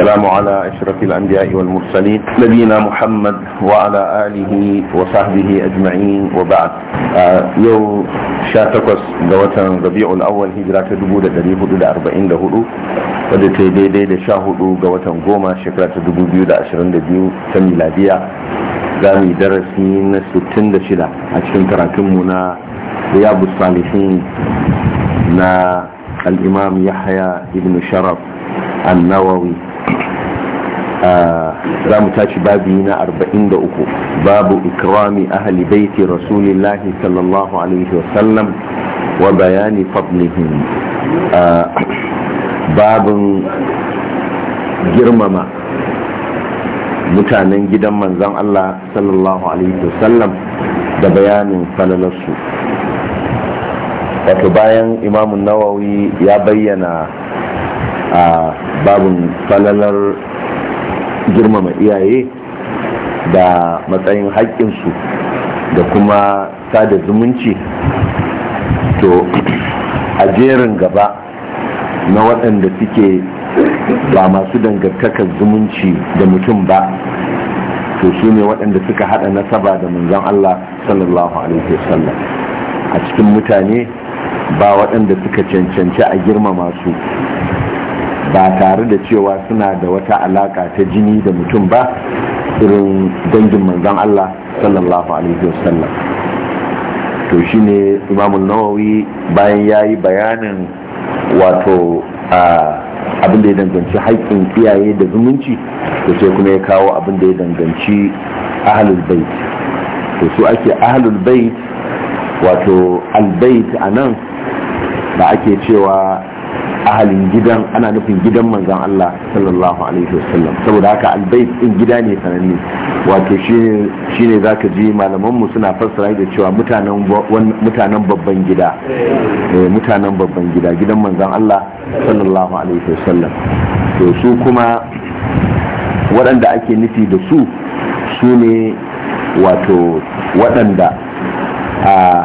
السلام على اشرف الانبياء والمرسلين نبينا محمد وعلى اله وصحبه اجمعين وبعد يوم شاتكوس دوتا ربيع الاول هجرة دبودة دريه دهولو wadda ta yi daidai da sha hudu ga watan goma shekara ta dubu biyu da ashirin da biyu ta miladiya za mu darasi na sittin da shida a cikin karatunmu na riyadu salihin na al'imam yahya ibn sharaf nawawi za mu tashi babi na 43 babu ikrami ahli baiti rasulillahi sallallahu alaihi wasallam wa bayani fadlihim babin girmama mutanen gidan manzan Allah sallallahu alaihi wasallam da bayanin falalarsu wato bayan imamun nawawi ya bayyana babin falalar girmama iyaye da matsayin haƙƙinsu da kuma sada zumunci to a jerin gaba na waɗanda suke ba masu dangantaka zumunci da mutum ba to su ne waɗanda suka haɗa nasaba da manzon Allah sallallahu alaihi wasallam a cikin mutane ba waɗanda suka cancanci a girmama su ba tare da cewa suna da wata alaka ta jini da mutum ba irin dangin manzon Allah sallallahu alaihi wasallam to shine Imam Nawawi bayan yayi bayanin wato abin da ya danganci haƙƙin iyaye da zumunci da sai kuma ya kawo abin da ya danganci ahlul bait to su ake ahlul bait wato albait anan da ake cewa ahalin gidan ana nufin gidan manzan Allah sallallahu alaihi wasallam saboda haka albayt din gida ne sananne wato shine za zaka ji malaman mu suna fassara da cewa mutanen mutanen babban gida eh, mutanen babban gida gidan manzan Allah sallallahu alaihi wasallam to su kuma waɗanda ake nufi da su su ne wato waɗanda a ah,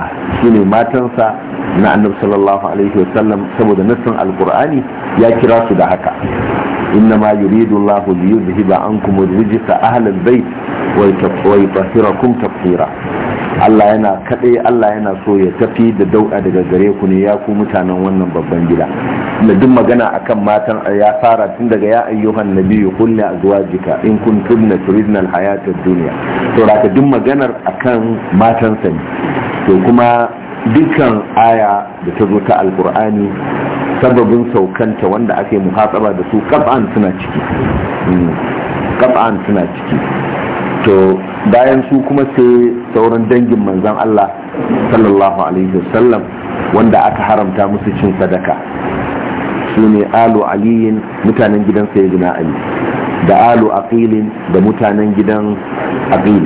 su matansa na annabi sallallahu alaihi sallam saboda nassan alkur'ani ya kira su da haka inna ma yuridu Allahu li yuzhiba ankum rijsa ahli albayt wa yutahhirakum tatheera Allah yana Allah yana so ya tafi da dauɗa daga gare ku ne ya ku mutanen wannan babban gida da duk magana akan matan ya fara tun daga ya ayyuhan nabiyyu qul li azwajika in kuntunna turidna alhayata ad-dunya to raka duk maganar akan matan Sani. to kuma dukkan aya da ta zo ta alkur'ani sababin saukanta wanda ake muhatsaba da su kaf'an suna ciki kaf'an hmm. suna ciki to bayan su kuma sai sauran dangin manzan Allah sallallahu alaihi wasallam wanda aka haramta musu cin sadaka su ne alu aliyin mutanen gidan sayyidina ali da alu aqilin da mutanen gidan aqil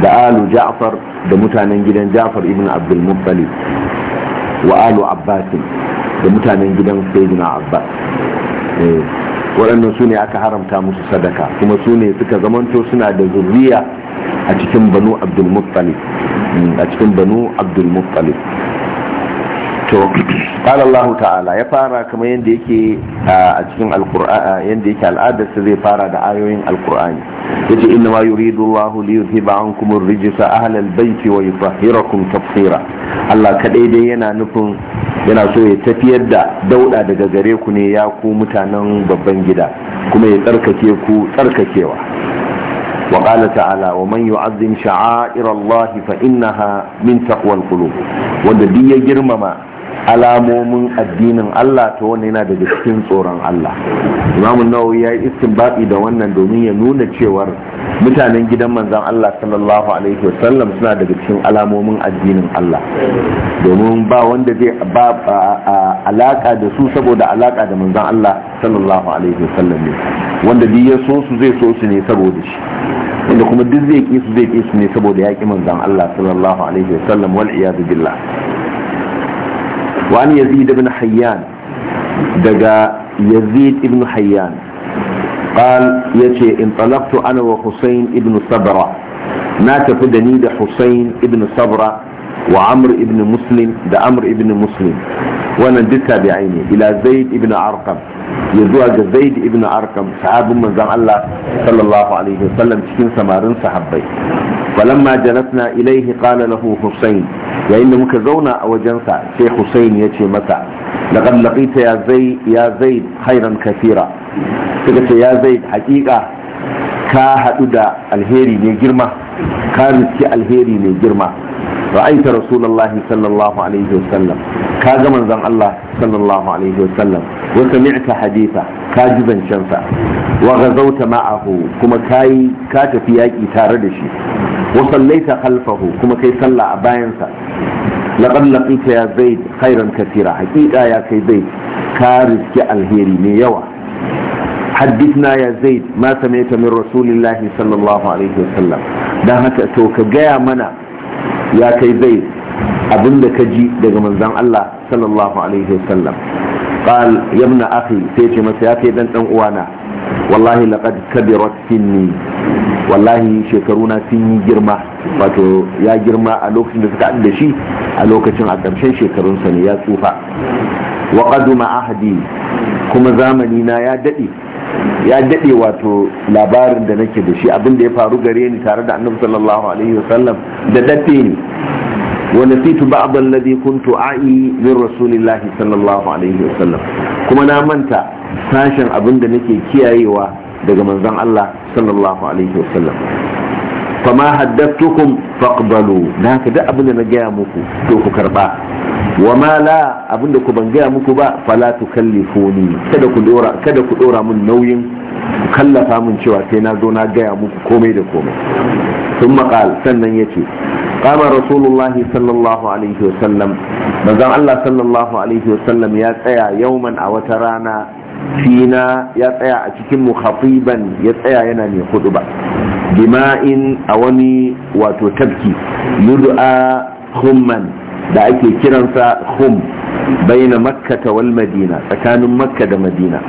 da alu ja'far da mutanen gidan ja'far ibn abdul muttalib wa alu abbasin da mutanen gidan sayyidina abbas eh, waɗannan su ne aka haramta musu sadaka kuma su ne suka zamanto suna da zurriya a cikin banu abdul muttalib mm, a cikin banu abdul muttalib to qala Allah ta'ala ya fara kamar yanda yake a cikin alqur'ani yanda yake al'ada sai zai fara da ayoyin alqur'ani yace inna ma yuridu Allah li yuthiba ankum ar-rijsa ahlal bayti wa yutahhirakum tafsira Allah kadai dai yana nufin yana so ya tafiyar da dauda daga gare ku ne ya ku mutanen babban gida kuma ya tsarkake ku tsarkakewa وقال تعالى ومن يعظم شعائر الله فإنها من تقوى القلوب وده ya girmama. alamomin addinin Allah ta wanda yana daga cikin tsoron Allah imamu nawawi ya yi istinbati da wannan domin ya nuna cewar mutanen gidan manzan Allah sallallahu alaihi wasallam suna daga cikin alamomin addinin Allah domin ba wanda zai ba alaka da su saboda alaka da manzan Allah sallallahu alaihi wasallam ne wanda duk ya so su zai so su ne saboda shi wanda kuma duk zai ki su zai ki su ne saboda yaƙi manzan Allah sallallahu alaihi wasallam wal iyadu billah وعن يزيد بن حيان دقا يزيد بن حيان قال يتي انطلقت انا وحسين بن صبرة ناتف دني حسين بن صبره wa amr ibn muslim da amr ibn muslim wannan duk tabi'ai ne ila zaid ibn arqam ya zuwa ga zaid ibn arqam sahabin manzon Allah sallallahu alaihi wasallam cikin samarin sahabbai falamma jalasna ilaihi qala lahu husayn yayin da muka zauna a wajensa sai husayn ya ce masa laqad laqita ya zaid ya zaid khairan kathira suka ce ya zaid haƙiƙa ka haɗu da alheri ne girma ka riski alheri ne girma رأيت رسول الله صلى الله عليه وسلم كاجا من زن الله صلى الله عليه وسلم وسمعت حديثا كاجبا شنفا وغزوت معه كما كاي كاتفياك إتاردشي وصليت خلفه كما كي صلى أباينسا لقد لقيت يا زيد خيرا كثيرا حقيقة يا كي زيد كارزك الهيري ميوا حدثنا يا زيد ما سمعت من رسول الله صلى الله عليه وسلم ده هكا توك جاء منا ya kai zai abin da ka ji daga manzan Allah sallallahu alaihi wasallam qal yamna akhi sai ce masa ya kai dan ɗan uwana wallahi laqad kabirat sinni wallahi shekaruna sun yi girma wato ya girma a lokacin da suka da shi a lokacin a ƙarshen shekarunsa ne ya tsufa wa qaduma ahdi kuma zamani na ya daɗe. ya daɗe wato labarin da nake da shi abin da ya faru gare ni tare da annabi sallallahu alaihi wasallam da daɗe ni wa nasitu ba'd alladhi kuntu a'i min rasulillahi sallallahu alaihi wasallam kuma na manta sashen abin da nake kiyayewa daga manzon Allah sallallahu alaihi wasallam fama faqbalu da haka duk abin da na gaya muku to ku karba wa ma la abinda ku ban gaya muku ba fala tukallifuni kada ku dora kada ku dora mun nauyin ku kallafa mun cewa sai na zo na gaya muku komai da komai sun maƙal sannan ya ce kama rasulullah sallallahu alaihi wasallam manzon allah sallallahu alaihi sallam, ya tsaya yauman a wata rana fina ya tsaya a cikin mu khatiban ya tsaya yana mai huɗu ba bima'in a wani wato tabki yud'a humman da ake kiransa hum Makka ta wal madina tsakanin makka da madina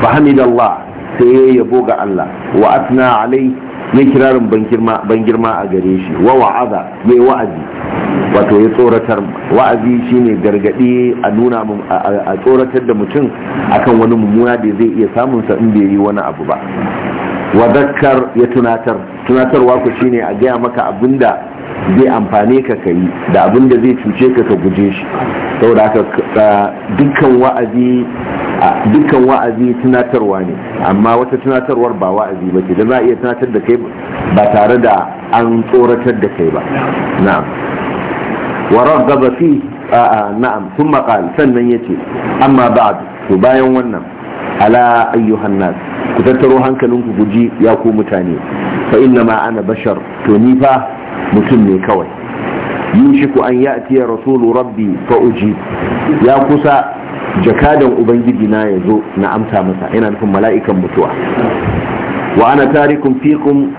fahamidallah sai ya yabo Allah wa asna alai ya kirarin ban girma a gare shi wa wa'aza ya wa'azi wato ya tsoratar wa'azi shine gargadi a nuna a tsoratar da mutum akan wani mummuna da zai iya samun sa in bai yi wani abu ba wa zakkar ya tunatar tunatarwa ku shine a gaya maka abinda zai amfani ka kai da abin da zai cuce ka ka guje shi saboda haka dukkan wa'azi dukkan wa'azi tunatarwa ne amma wata tunatarwar ba wa'azi ba da za a iya tunatar da kai ba tare da an tsoratar da kai ba na'am Warar gaba fi na'am sun qala sannan yace amma ba to bayan wannan ala ayyuhan nas ku tattaro hankalinku guji ya ku mutane fa inna ma ana bashar to ni fa mutum ne kawai ku an ya'ti ya rasulu rabbi fa uji ya kusa jakadan ubangiji na ya zo na amsa masa yana nufin mala'ikan mutuwa wa ana tarikum fikum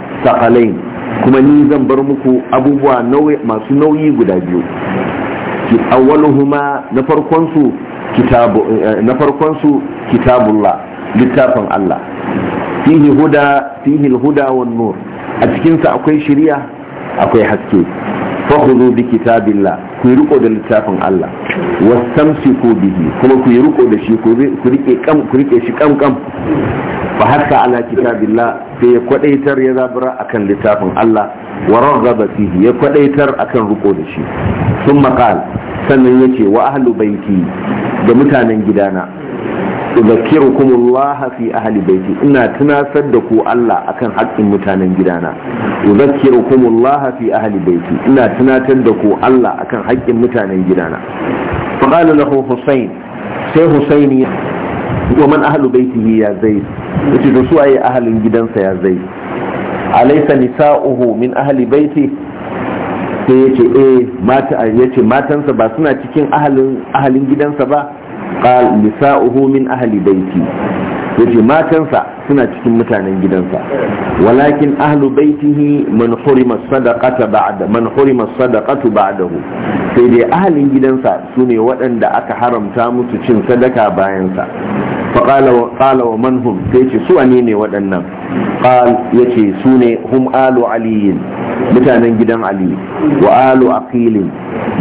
kuma ni zan bar muku abubuwa masu nauyi guda biyu awwaluhuma na farkon su kitabu eh, na farkon su kitabullah littafin Allah fihi huda fihi alhuda wan nur a cikin sa akwai shari'a akwai haske fakhudhu bi kitabillah ku riko da littafin Allah ko bihi kuma ku riko da shi ku rike kam ku rike shi kam kam fa hatta ala kitabillah sai ya kwadaitar ya zabura akan littafin Allah wa raghaba fihi ya kwadaitar akan riko da shi thumma qala sannan yace wa ahlu baiti da mutanen gidana udhakkirukum Allah fi ahli baiti ina tunasar da ku Allah akan haƙƙin mutanen gidana udhakkirukum Allah fi ahli baiti ina tunatar da ku Allah akan haƙƙin mutanen gidana fa qala lahu Husayn sai Husayn wa man ahlu baitihi ya zai, yace da su ayi ahalin gidansa ya zai. alaysa nisa'uhu min ahli baiti sai yace eh mata yace matansa ba suna cikin ahalin ahalin gidansa ba qal nisa'uhu min ahli baiti yace matansa suna cikin mutanen gidansa walakin ahli baitihi man hurima sadaqata ba'da dahu, sai dai ahalin gidansa sune waɗanda aka haramta musu cin sadaka bayansa. faƙala wa manhum ta su wane waɗannan ƙal ya ce su ne hum alu mutanen gidan ali wa'alu alu aqilin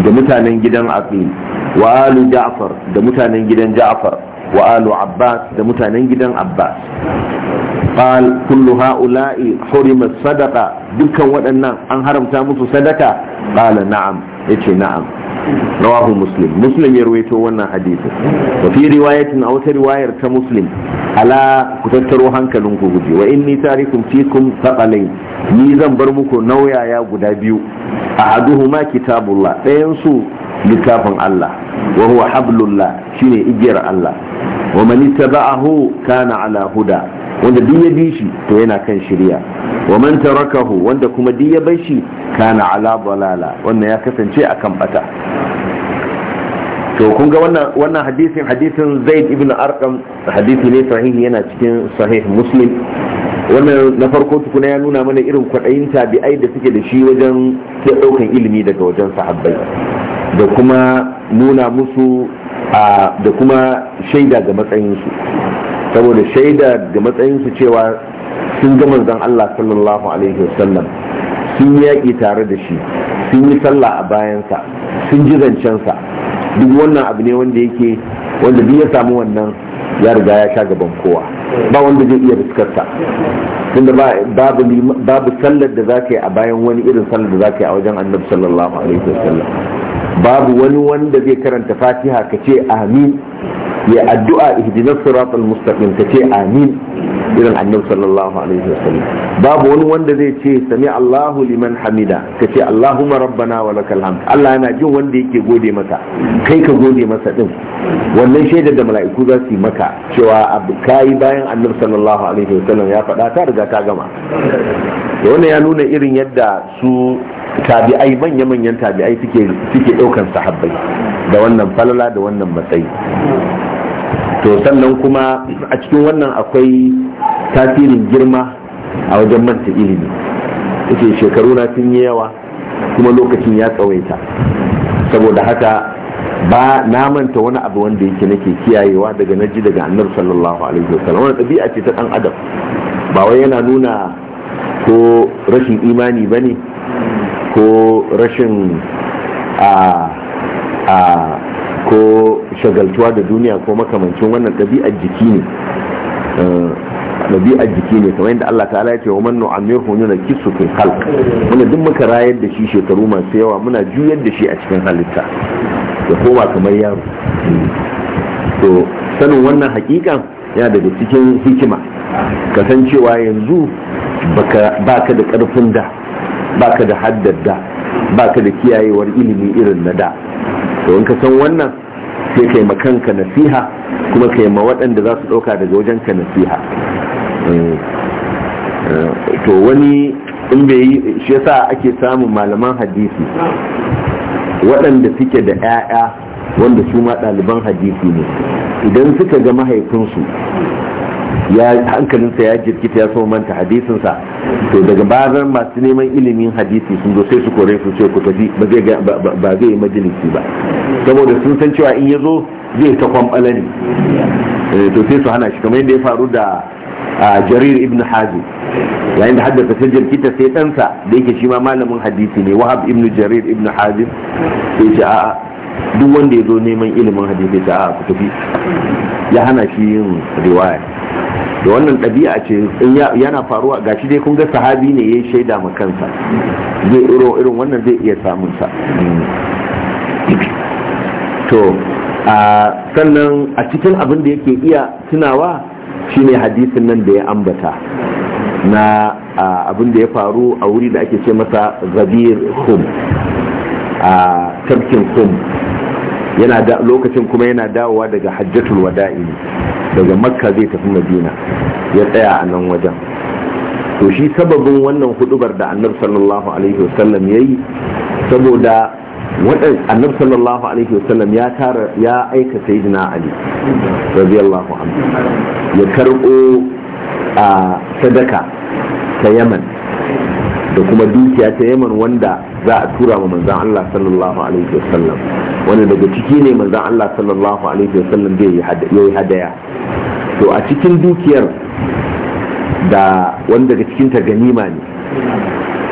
da mutanen gidan aqil wa'alu alu ja'far da mutanen gidan ja'far wa'alu alu abbas da mutanen gidan abbas قال كل هؤلاء حرم sadaka دكان waɗannan an haramta musu sadaka قال na'am yace na'am rawahu muslim muslim ya ruwaito wannan hadisi wa fi riwayatin aw ta riwayar ta muslim ala ku tattaro hankalin ku guje wa inni tarikum fikum thaqalain ni zan bar muku nauyaya guda biyu ahaduhuma kitabullah ɗayan su littafin Allah wa huwa hablullah shine igiyar Allah wa man ittaba'ahu kana ala huda wanda duk ya bi shi to yana kan shirya wa man tarakahu wanda kuma duk ya bar shi kana ala dalala wannan ya kasance akan bata to kun ga wannan wannan hadisin hadisin Zaid ibn Arqam hadisi ne sahihi yana cikin sahih Muslim wannan na farko tukuna ya nuna mana irin kwaɗayin tabi'ai da suke da shi wajen ɗaukan ilimi daga wajen sahabbai da kuma nuna musu da kuma shaida ga matsayinsu saboda shaida ga matsayinsu cewa sun gama zan Allah sallallahu alaihi wasallam sun yi yaƙi tare da shi sun yi sallah a bayansa sun ji zancensa duk wannan abu ne wanda yake wanda duk ya samu wannan ya riga ya sha gaban kowa ba wanda zai iya fuskarta tunda babu sallar da za ka yi a bayan wani irin sallar da za ka yi a wajen annabi sallallahu alaihi wasallam babu wani wanda zai karanta fatiha ka ce amin ya addu'a ihdinas siratal mustaqim ka ce amin irin annabi sallallahu alaihi wasallam babu wani wanda zai ce sami Allahu liman hamida ka ce Allahumma rabbana wa lakal hamd Allah yana jin wanda yake gode masa kai ka gode masa din wannan shaidar da mala'iku za su yi maka cewa abu kai bayan annabi sallallahu alaihi wasallam ya faɗa ta riga ta gama da wannan ya nuna irin yadda su tabi'ai manya-manyan tabi'ai suke ɗaukan sahabbai da wannan falala da wannan matsayi to sannan kuma a cikin wannan akwai tasirin girma a wajen manta ilimi yake shekaru na sun yi yawa kuma lokacin ya tsawaita saboda haka ba na manta wani abu wanda yake nake kiyayewa daga naji daga annabi sallallahu alaihi wasallam wannan ɗabi'a ce ta ɗan adam ba wai yana nuna ko rashin imani ba ne ko rashin a a ko shagaltuwa da duniya ko makamancin wannan ɗabi'ar jiki ne ɗabi'ar jiki ne kamar yadda Allah ta'ala ya ce wa man nu'ammirhu nuna kisu fil halk muna duk muka rayar da shi shekaru masu yawa muna juyar da shi a cikin halitta da koma kamar yaro to sanin wannan hakikan yana daga cikin hikima kasancewa yanzu ba ka da ƙarfin da ba ka da haddada, ba ka da kiyayewar ilimi irin na da to in ka san wannan sai ka yi makanka nasiha kuma ka yi ma waɗanda za su ɗauka daga wajenka nasiha eh, eh, to wani in bai yi shi yasa ake samun malaman hadisi waɗanda suke da 'ya'ya wanda su ma ɗaliban hadisi ne idan suka ga mahaifinsu ya hankalinsa ya jirkita ya so manta hadisinsa to daga bazan masu neman ilimin hadisi sun zo sai su kore su ce ku tafi ba zai ba zai yi majalisi ba saboda sun san cewa in ya zo zai ta kwamfala ne eh, to sai su hana shi kamar yadda ya faru da jarir ibn hazi yayin da haddasa ta jirkita sai ɗansa da yake shi ma malamin hadisi ne wahab ibn jarir ibn hazi sai ce a'a duk wanda ya zo neman ilimin hadisi ta a ku tafi ya hana shi yin riwaya da wannan ɗabi'a ce yana faruwa ga shi dai kun ga sahabi ne ya yi shaida ma kansa zai iro irin wannan zai iya samun sa to a sannan a cikin abin da yake iya tunawa shine hadisin nan da ya ambata na abin da ya faru a wuri da ake ce masa zabir hum a tafkin hum yana da lokacin kuma yana dawowa daga hajjatul wada'i daga makka zai tafi madina ya tsaya a nan wajen to shi sababin wannan hudubar da annabi sallallahu alaihi wasallam ya yi saboda annabi sallallahu alaihi wasallam ya tara ya aika sayyidina ali radiyallahu anhu ya karbo a sadaka ta yaman da kuma dukiya ta yaman wanda za a tura ma manzan Allah sallallahu alaihi wasallam wanda daga ciki ne manzan Allah sallallahu alaihi wasallam zai yi hadaya to a cikin dukiyar da wanda daga cikin ta ganima ne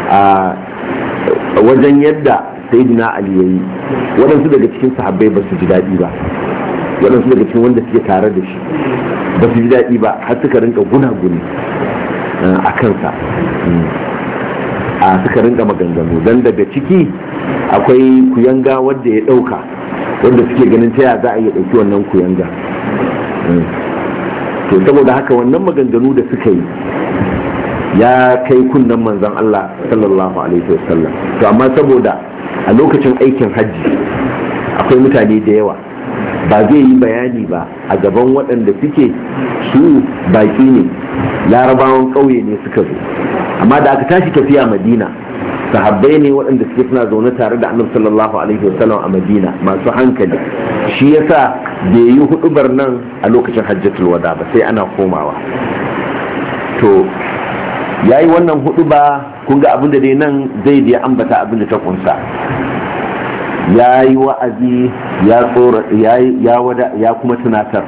a wajen yadda sayyidina ali yayi waɗansu daga cikin sahabbai ba su ji daɗi ba waɗansu daga cikin wanda suke tare da shi ba su ji daɗi ba har suka rinka guna-guni eh, a kansa hmm. a suka rinka maganganu don daga ciki akwai kuyanga wadda ya dauka wanda suke ganin ta za a yi dauki wannan kuyanga hmm. to saboda haka wannan maganganu da suka yi ya kai kunnen manzan Allah sallallahu alaihi wasallam to amma saboda a lokacin aikin hajji akwai mutane da yawa ba zai yi bayani ba a gaban waɗanda suke su baƙi ne larabawan ƙauye ne suka zo amma da aka tashi tafiya madina sahabbai ne waɗanda suke suna zaune tare da annabi sallallahu alaihi wasallam a madina masu hankali shi yasa bai yi hudubar nan a lokacin hajjatul wada ba sai ana komawa to yayi wannan huduba kun ga abin da dai nan zai da ambata abinda ta kunsa ya wa'azi ya tsora ya wada ya kuma tunatar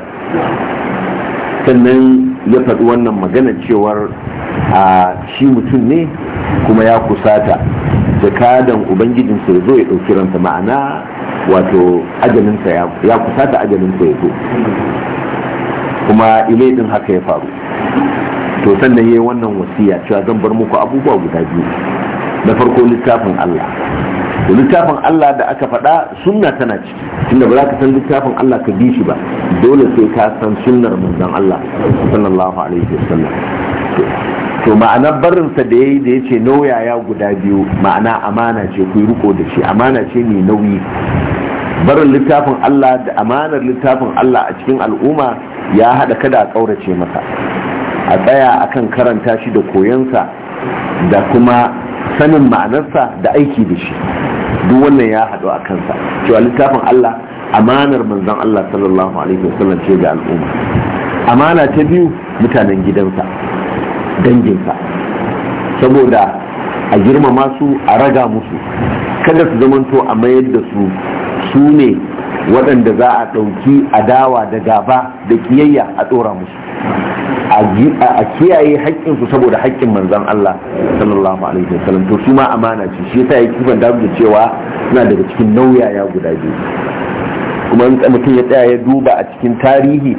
sannan ya faɗi wannan maganar cewar a shi mutum ne kuma ya kusata jakadan ubangijin ya zo ya ɗauki ranta ma'ana wato ajalinsa ya kusata ajalinsa ya zo kuma ilai din haka ya faru to sannan yayi wannan wasiya cewa zan bar muku abubuwa guda biyu na farko littafin Allah littafin Allah da aka faɗa sunna tana ciki tunda ba za ka san littafin Allah ka bi shi ba dole sai ka san sunnar manzon Allah sallallahu alaihi wasallam to ma'ana barinsa da yayi da yace ce ya guda biyu ma'ana amana ce ku riko da shi amana ce mai nauyi barin littafin Allah da amanar littafin Allah a cikin al'umma ya haɗa kada a ƙaurace masa a tsaya akan karanta shi da koyansa da kuma sanin ma'anarsa da aiki da shi duk wannan ya haɗu a kansa cewa littafin Allah amanar manzon Allah sallallahu alaihi wasallam ce ga al'umma amana ta biyu mutanen gidansa danginsa saboda a girmama su a raga musu kada su zamanto a mayar da su su ne waɗanda za a ɗauki adawa da gaba da kiyayya a tsora musu a kiyaye haƙƙinsu saboda haƙƙin manzan Allah sallallahu alaihi wasallam to su ma amana ce shi yasa ya kifan da cewa suna daga cikin nauyaya guda biyu kuma in mutum ya tsaya ya duba a cikin tarihi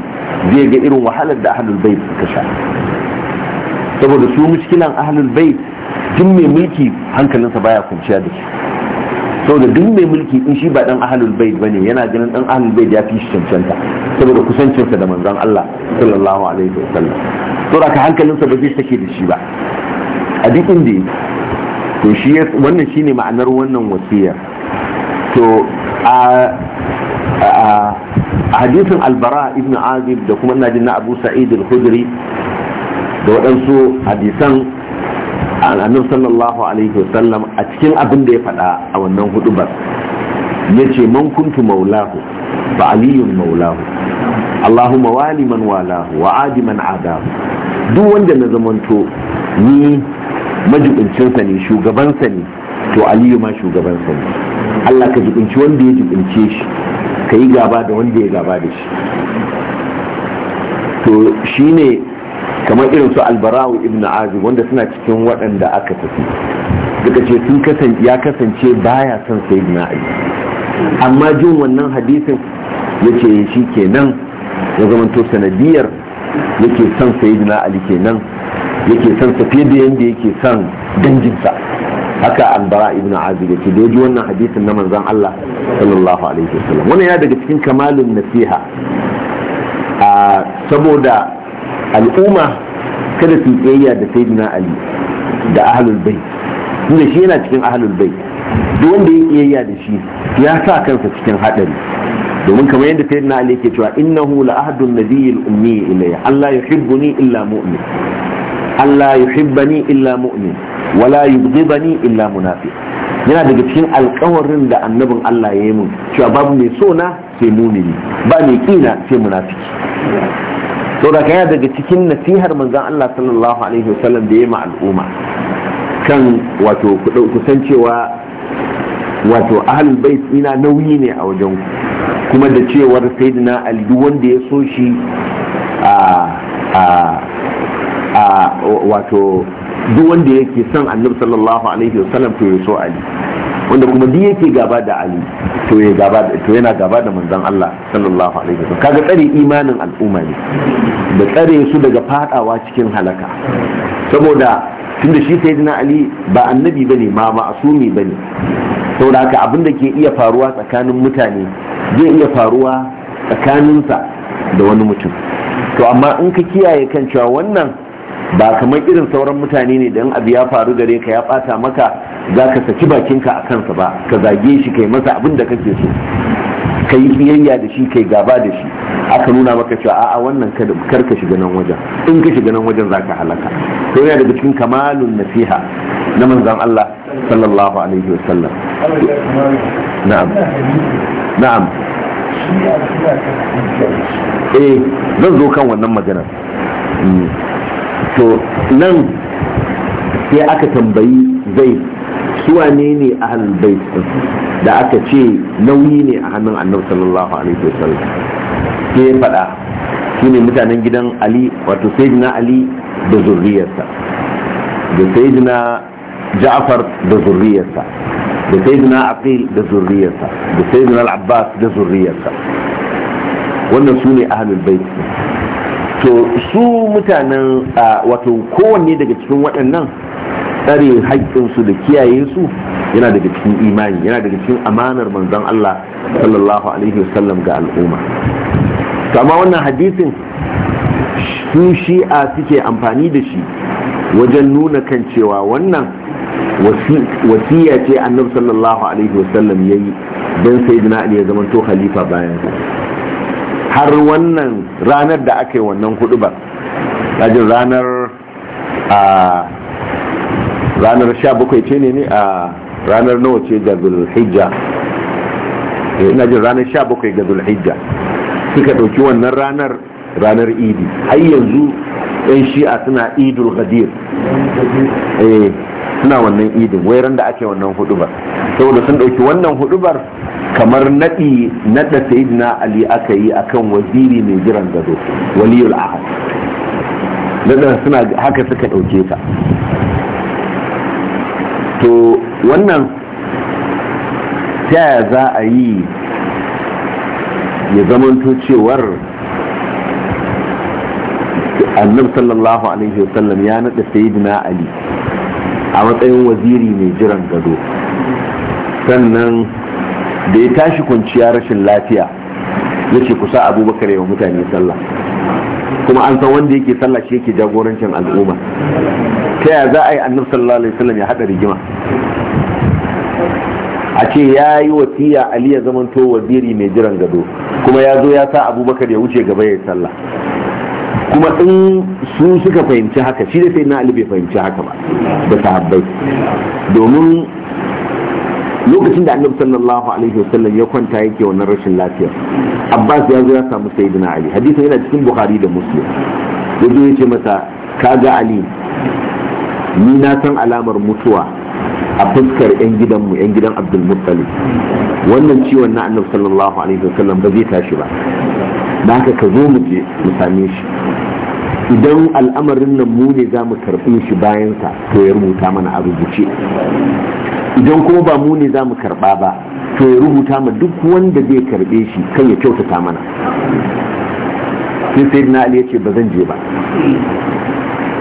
zai ga irin wahalar da ahlul bait suka sha saboda su miskilan ahlul bai duk mai mulki hankalinsa baya kwanciya da shi saboda duk mai mulki in shi ba dan ahlul bai bane yana ganin dan ahlul bai ya fi shi cancanta saboda kusancinsa da manzon Allah sallallahu alaihi wasallam da ka hankalinsa ba zai sake da shi ba a duk inda to shi wannan shine ma'anar wannan wasiya to a hadisin albara ibn azib da kuma najin na abu sa'id al-khudri da waɗansu hadisan annabi sallallahu alaihi wasallam a cikin abin da ya faɗa a wannan hudubar ya ce man kuntu maulahu fa aliyun maulahu allahumma wali man walahu wa adi man adahu duk wanda na zamanto ni majibincinsa ne shugabansa ne to aliyu ma shugabansa ne allah ka jibinci wanda ya jibince shi ka yi gaba da wanda ya gaba da shi to shine kamar irin su albarawu ibn azib wanda suna cikin waɗanda aka tafi daga ce sun kasance ya kasance baya son sayyidina ali amma jin wannan hadisin yace shi kenan ya zama to sanadiyar yake son na ali kenan yake son sa fiye da yanda yake son danginsa haka albara ibn azib ce. da yaji wannan hadisin na manzon Allah sallallahu alaihi wasallam wannan ya daga cikin kamalin nasiha ah, saboda al'umma kada su tsayayya da sayyidina ali da ahlul bait tunda shi yana cikin ahlul bai duk wanda ya tsayayya da shi ya sa kansa cikin hadari domin kamar yadda sayyidina ali yake cewa innahu la ahdun nabiyil ummi ilayya allah yuhibbuni illa mu'min allah yuhibbani illa mu'min wala yubghidani illa munafiq yana daga cikin alƙawarin da annabin Allah ya yi mun cewa babu mai so na sai mumini ba mai kina sai munafiki da kaya daga cikin nasihar manzan Allah sallallahu alaihi wasallam da ya ma al'umma kan wato kusancewa wato ahlul bait ina nauyi ne a wajen kuma da cewar sayyidina ali duk wanda ya so shi a wato duk wanda yake son annabi sallallahu alaihi wasallam to ya so ali wanda kuma duk yake gaba da ali to ya gaba to yana gaba da manzon Allah sallallahu alaihi wasallam kaga tsare imanin al'umma ne da tsare su daga fadawa cikin halaka saboda tunda shi sayyidina ali ba annabi bane ma ma'asumi bane saboda haka abin da ke iya faruwa tsakanin mutane zai iya faruwa tsakaninsa da wani mutum to amma in ka kiyaye kan cewa wannan ba kamar irin sauran mutane ne dan abu ya faru gare ka ya bata maka za ka saki bakinka a kansa ba ka zage shi kai masa abin da kake so ka yi biyayya da shi kai gaba da shi aka nuna maka cewa a'a wannan kar ka shiga nan wajen in ka shiga nan wajen za ka halaka to yana daga cikin kamalun nasiha na manzon Allah sallallahu alaihi wasallam na'am na'am eh zan zo kan wannan magana hmm. to nan sai aka tambayi zai suwa ne ne a halin bai da aka ce nauyi ne a hannun annabi sallallahu alaihi wasallam sai ya faɗa shi ne mutanen gidan ali wato sayyidina ali da zurriyarsa da sayyidina ja'far da zurriyarsa da sayyidina aqil da zurriyarsa da sai abbas da zurriyarsa wannan su ne ahlul bai. to su mutanen a wato kowanne daga cikin waɗannan tsare haƙƙinsu da kiyaye su yana daga cikin imani yana daga cikin amanar manzon Allah sallallahu alaihi wasallam ga al'umma to amma wannan hadisin su shi'a suke amfani da shi wajen nuna kan cewa wannan wasiya ce annabi sallallahu alaihi wasallam yayi dan sayyidina ali ya zama to khalifa bayan har wannan ranar da aka yi wannan hudu ba ajin ranar a ranar sha bakwai ce ne ne a ranar nawa ce ga zulhijja eh, ina jin ranar sha bakwai ga zulhijja suka ɗauki wannan ranar ranar idi har yanzu 'yan shi'a suna idul gadir eh, suna wannan idin wai ran da ake wannan hudubar saboda sun dauki wannan hudubar kamar nadi nada sayyidina ali aka yi akan waziri mai jiran gado waliyul ahad nada suna haka suka dauke ta to wannan ta za a yi ya zamanto cewar annabi sallallahu alaihi wasallam ya nada sayyidina ali a matsayin waziri mai jiran gado sannan da ya tashi kwanciya rashin lafiya ya ce kusa abubakar yawan mutane sallah kuma an san wanda yake sallah shi yake jagorancin al'umma ta yaya za a yi annabi sallallahu alaihi wasallam ya haɗa rigima a ce ya yi wasiya ali ya zamanto waziri mai jiran gado kuma ya zo ya sa abubakar ya wuce gaba ya yi sallah kuma in su suka fahimci haka shi da sai na bai fahimci haka ba da sahabbai domin lokacin da annabi sallallahu alaihi wasallam ya kwanta yake wannan rashin lafiya abbas ya zo ya samu sayyidina ali hadisin yana cikin bukhari da muslim ya zo ya ce masa kaga ali ni na san alamar mutuwa a fuskar 'yan gidanmu 'yan gidan abdulmuttalib wannan ciwon na annabi sallallahu alaihi wasallam ba zai tashi ba na haka ka zo mu je mu same shi idan al'amarin nan mu ne za mu karɓi shi bayansa to ya rubuta mana a rubuce idan kuma ba mu ne za mu karɓa ba to ya rubuta ma duk wanda zai karɓe shi kan ya kyautata mana sai sai ali ya ce ba zan je ba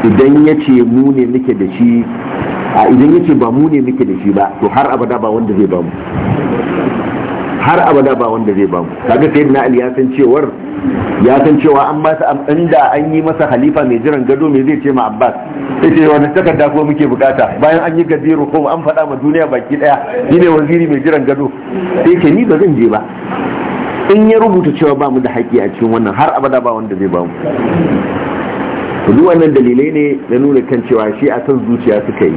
idan ya ce mu ne muke da shi a idan ya ce ba mu ne muke da shi ba to har abada ba wanda zai ba mu har abada ba wanda zai ba mu kaga sai ali ya san cewar ya san cewa an masa da an yi masa halifa mai jiran gado mai zai ce ma abbas sai ce wani takarda ko muke bukata bayan an yi gadiru ko an faɗa ma duniya baki ɗaya ni ne waziri mai jiran gado sai ke ni ba zan je ba in ya rubuta cewa ba mu da haƙƙi a cikin wannan har abada ba wanda zai ba mu to duk wannan dalilai ne na nuna kan cewa shi a san zuciya suka yi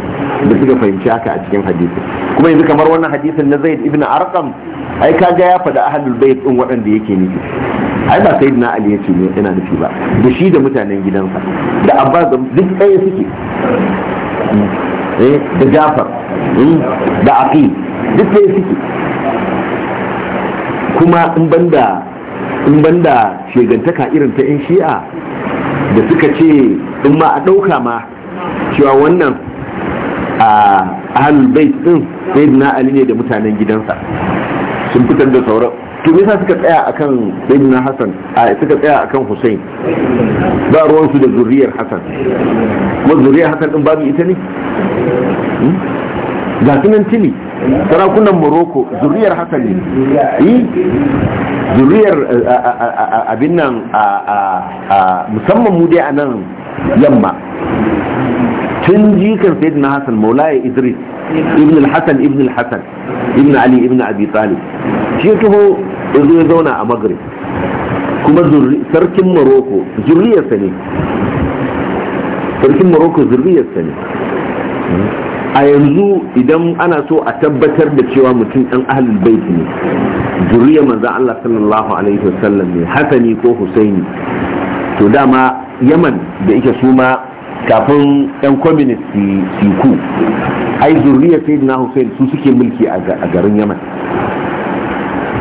da suka fahimci haka a cikin hadisi kuma yanzu kamar wannan hadisin na zaid ibn arqam ai kaga ya faɗa ahlul bait din waɗanda yake nufi ai ba sai na ali yace ne yana nufi ba da shi da mutanen gidansa da da duk ɗaya suke eh, da jafar hmm, da aqi duk ɗaya suke kuma in banda in banda shegantaka irin ta yan shi'a da suka ce in ma a ɗauka ma cewa wannan a ahalul bait din sayyidina ali ne da mutanen gidansa sun fitar da sauran to nisa suka tsaya akan sayyidina Hassan a suka tsaya akan Hussein ba ruwan su da zuriyar Hassan kuma zuriyar Hassan din babu ita ne hmm? ga sunan Tili sarakunan Morocco zuriyar Hassan ne yi zuriyar eh, eh, eh, abin nan a musamman mu dai a nan yamma tun jikan sayyidina Hassan Maulaya Idris ibn al-Hassan ibn al-Hassan ibn Ali ibn Abi Talib shi ya taho ya zo ya zauna a maghrib kuma sarkin maroko zurriyarsa ne sarkin maroko zurriyarsa ne a yanzu idan ana so a tabbatar da cewa mutum ɗan ahalul bait ne zuriya manzan Allah sallallahu alaihi wasallam ne hasani ko husaini to dama yaman da ita su ma kafin yan communist su ku ai zuriya na husaini su suke mulki a garin yaman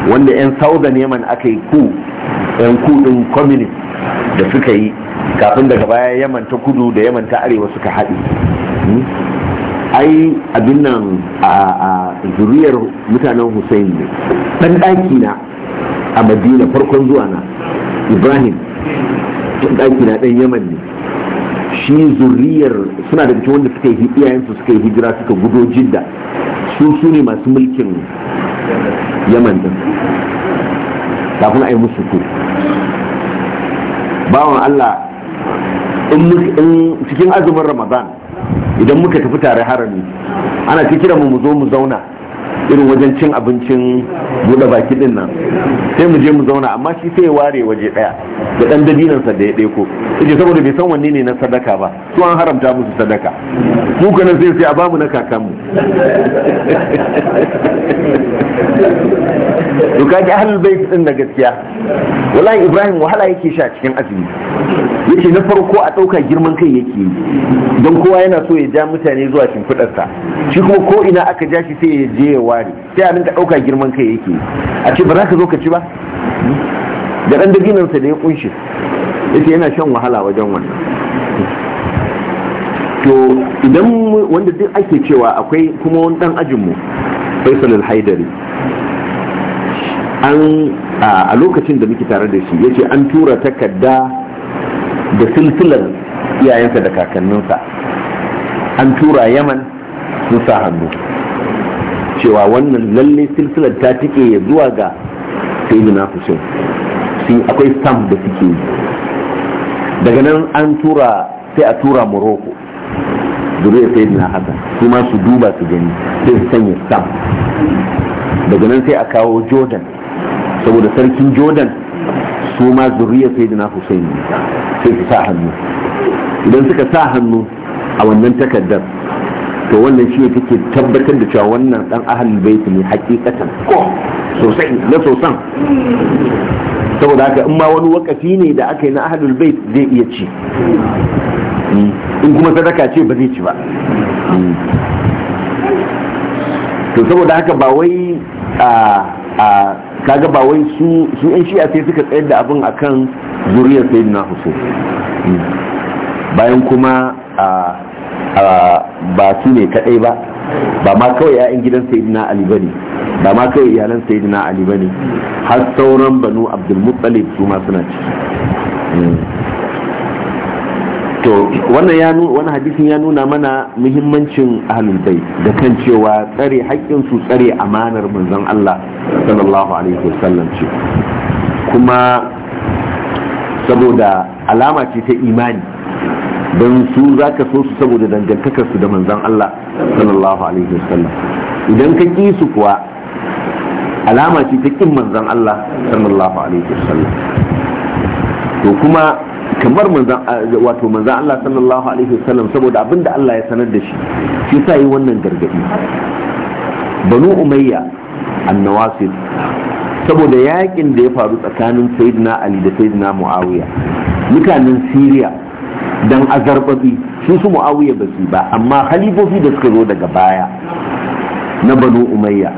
wanda 'yan southern yemen aka yi ku 'yan kudin communist da suka yi kafin daga baya yaman ta kudu da yaman ta arewa suka haɗi hmm? ai abin nan a zuriyar mutanen hussein ne ɗan ɗaki na a madina farkon zuwa na ibrahim ɗan ɗaki na ɗan yaman ne shi zuriyar suna da cikin wanda suka yi iyayensu suka yi hijira suka gudo jidda su su ne masu mulkin yaman din kafin a yi musu ku bawan allah in cikin azumin ramadan idan muka tafi tare harami ana ci kira mu zo mu zauna irin wajen cin abincin buɗe baki din nan sai mu je mu zauna amma shi sai ya ware waje ɗaya da ɗan sa da ya ɗeko sai saboda bai san wanne ne na sadaka ba su an haramta musu sadaka mu kana sai sai a bamu na kakanmu duka kaji ahlul bai din na gaskiya wallahi ibrahim wahala yake sha cikin azumi yace na farko a dauka girman kai yake yi don kowa yana so ya ja mutane zuwa shimfidar fudarsa shi kuma ko ina aka ja shi sai ya je ya ware sai a rinka dauka girman kai yake a ce ba za ka zo ka ci ba da dan dabinan sa da ya kunshi yace yana shan wahala wajen wannan to idan wanda duk ake cewa akwai kuma wani dan ajinmu faisal al-haidari an a lokacin da muke tare da shi yace an tura takarda da silsilar iyayensa da kakanninsa an tura yaman sun sa hannu cewa wannan lalle silsilar ta tike ya zuwa ga sayyidina Hussein sai akwai stamp da suke yi daga nan an tura sai a tura Morocco sai sayyidina Hassan su ma su duba su gani sai sanya stamp daga nan sai a kawo Jordan saboda sarkin jordan su ma zuriya sai da na hussein sai su sa hannu idan suka sa hannu a wannan takardar to wannan shi take tabbatar da cewa wannan dan ahalul baiti ne hakikatan ko sosai na sosan saboda haka in ma wani wakafi ne da aka yi na ahalul bait zai iya ci in kuma sadaka ce ba zai ci ba to saboda haka ba wai a kaga ba wai su su yan shi'a sai suka tsayar da abin a kan zuriyar sayyidina Hussein bayan kuma ba su ne kadai ba ba ma kawai 'ya'yan gidan sayyidina Ali bane ba ma kawai iyalan sayyidina Ali bane har sauran banu abdulmuttalib suma su ma suna ciki hmm. to wannan ya nuna wannan hadisin ya nuna mana muhimmancin ahlul bait da kan cewa tsare haƙƙin su tsare amanar manzon Allah sallallahu alaihi wasallam ce kuma saboda alama ce ta imani don su za ka so su saboda dangantakar su da manzon Allah sallallahu alaihi wasallam idan ka ki su kuwa alama ce ta kin manzon Allah sallallahu alaihi wasallam to kuma kamar manzan wato manzan Allah sallallahu alaihi wasallam saboda abinda Allah ya sanar da shi shi sa yi wannan gargadi banu umayya annawasil saboda yakin da ya faru tsakanin sayyidina ali da sayyidina muawiya mutanen Siriya dan azarbabi su su muawiya ba su ba amma halifofi da suka zo daga baya na banu umayya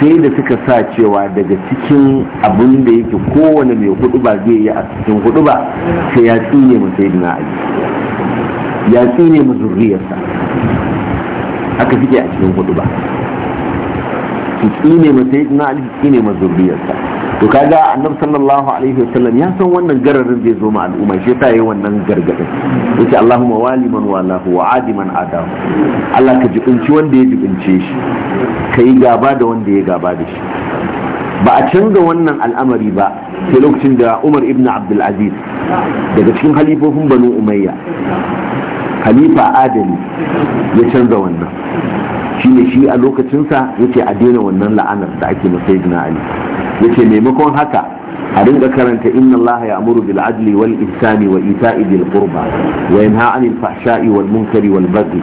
sai da suka sa cewa daga cikin abin da yake kowane mai hudu ba zai yi a cikin hudu ba sai ya tsine mu sai dina ali ya tsine mu zurriyarsa aka fike a cikin hudu ba su tsine mu sai dina ali su tsine mu zurriyarsa to kaga annabi sallallahu alaihi wasallam ya san wannan gararin zai zo ma al'umma shi ta yi wannan gargadin yace Allahumma waliman walahu wa adiman adam Allah ka jibinci wanda ya jibince shi kai gaba da wanda ya gaba da shi ba a canza wannan al'amari ba sai lokacin da Umar ibn Abdul Aziz daga cikin halifofin Banu Umayya khalifa adali ya canza wannan shine shi a lokacinsa yace a daina wannan la'anar da ake masai na ali yace maimakon haka a rinka karanta inna allaha ya'muru bil adli wal ihsani wa ita'i bil qurba wa yanha 'anil fahsha'i wal munkari wal baghi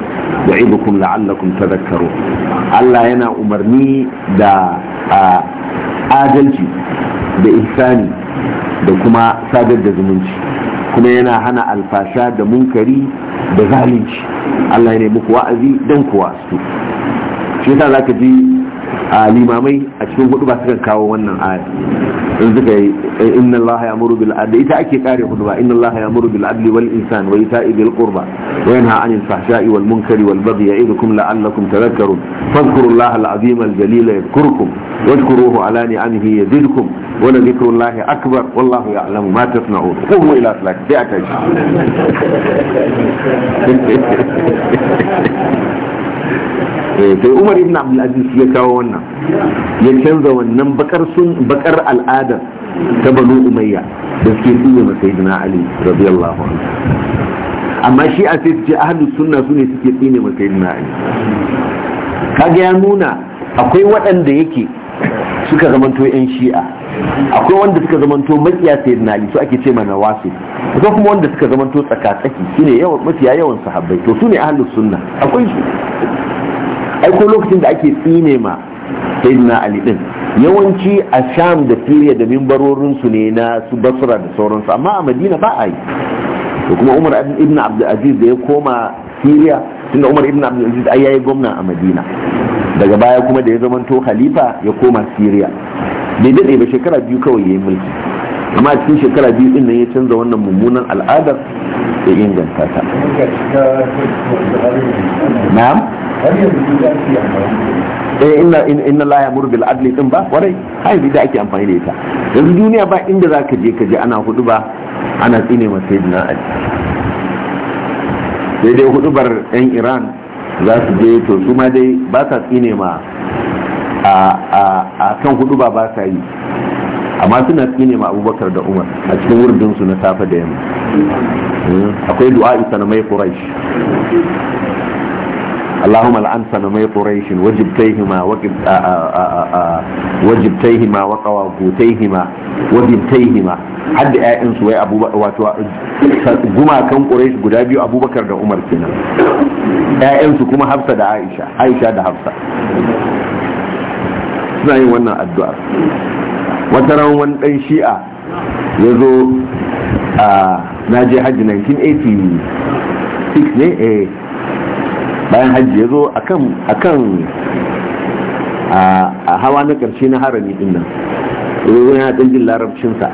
ya'idukum la'allakum tadhakkarun Allah yana umarni da adalci da ihsani da kuma sadar da zumunci kuma yana hana alfasha da munkari da zalunci Allah ya ne muku wa'azi don kuwa su shi yasa ka ji a limamai a cikin hudu ba suka kawo wannan aya in suka yi eh, inna allaha ya'muru bil adli ita ake kare hudu ba inna allaha ya'muru bil adli wal insan wa ita'i bil qurba wa yanha 'anil fahsha'i wal munkari wal baghi ya'idukum la'allakum tadhakkarun fadhkuru allaha al al yadhkurkum 'ala ni'amihi yazidkum wa la dhikru allahi akbar wallahu ya'lamu ma tasna'un qumu ila a Eh, sai umar ibn abdulaziz ya kawo wannan ya canza wannan bakar sun bakar al'ada ta banu umayya da suke tsuye masa ibn ali radiyallahu anhu amma shi a sai suke ahlu sunna su ne suke tsine masa ibn ali kaga ya nuna akwai waɗanda yake suka zamanto yan shi'a akwai wanda suka zamanto makiya sayyidina ali su ake ce mana wasi akwai kuma wanda suka zamanto tsaka-tsaki shine yawan mafiya yawan sahabbai to su ne ahlus sunna akwai su ai ko lokacin da ake tsine ma sayyidina ali din yawanci a sham da siriya da mimbarorin su ne na su basra da sauransu amma a madina ba a yi to kuma umar ibn abdulaziz da ya koma siriya tunda umar ibn abdulaziz ai yayi gwamna a madina daga baya kuma da ya to khalifa ya koma siriya bai dade ba shekara biyu kawai ya yi mulki amma cikin shekara biyu din nan ya canza wannan mummunan al'adar ya inganta ta na'am eh inna inna la ya murbil adli din ba warai hai da ake amfani da ita yanzu duniya ba inda zaka je ka je ana hudu ba ana tsine ma sayyidina ali sai dai bar yan iran za su je to su ma dai ba sa tsine ma a kan hudu ba ba sa yi amma suna tsine ma abubakar da umar a cikin wurdinsu na safe da yamma hmm, akwai du'a isa na mai quraish اللهم العن صنمي قريش وجبتيهما وجب وجبتيهما وقواقوتيهما وجبتيهما حد ائن سوى ابو بكر واتو جمع كان قريش غدا بيو ابو بكر ده عمر كنا ائن سو كما حفصه da عائشه عائشه da حفصه suna wannan addu'a wata ran wani dan shi'a ya zo a naje hajji 1986 ne eh bayan hajji ya zo a kan a hawa na ƙarshe na harami ɗin nan zo yana ɗan jin larabcinsa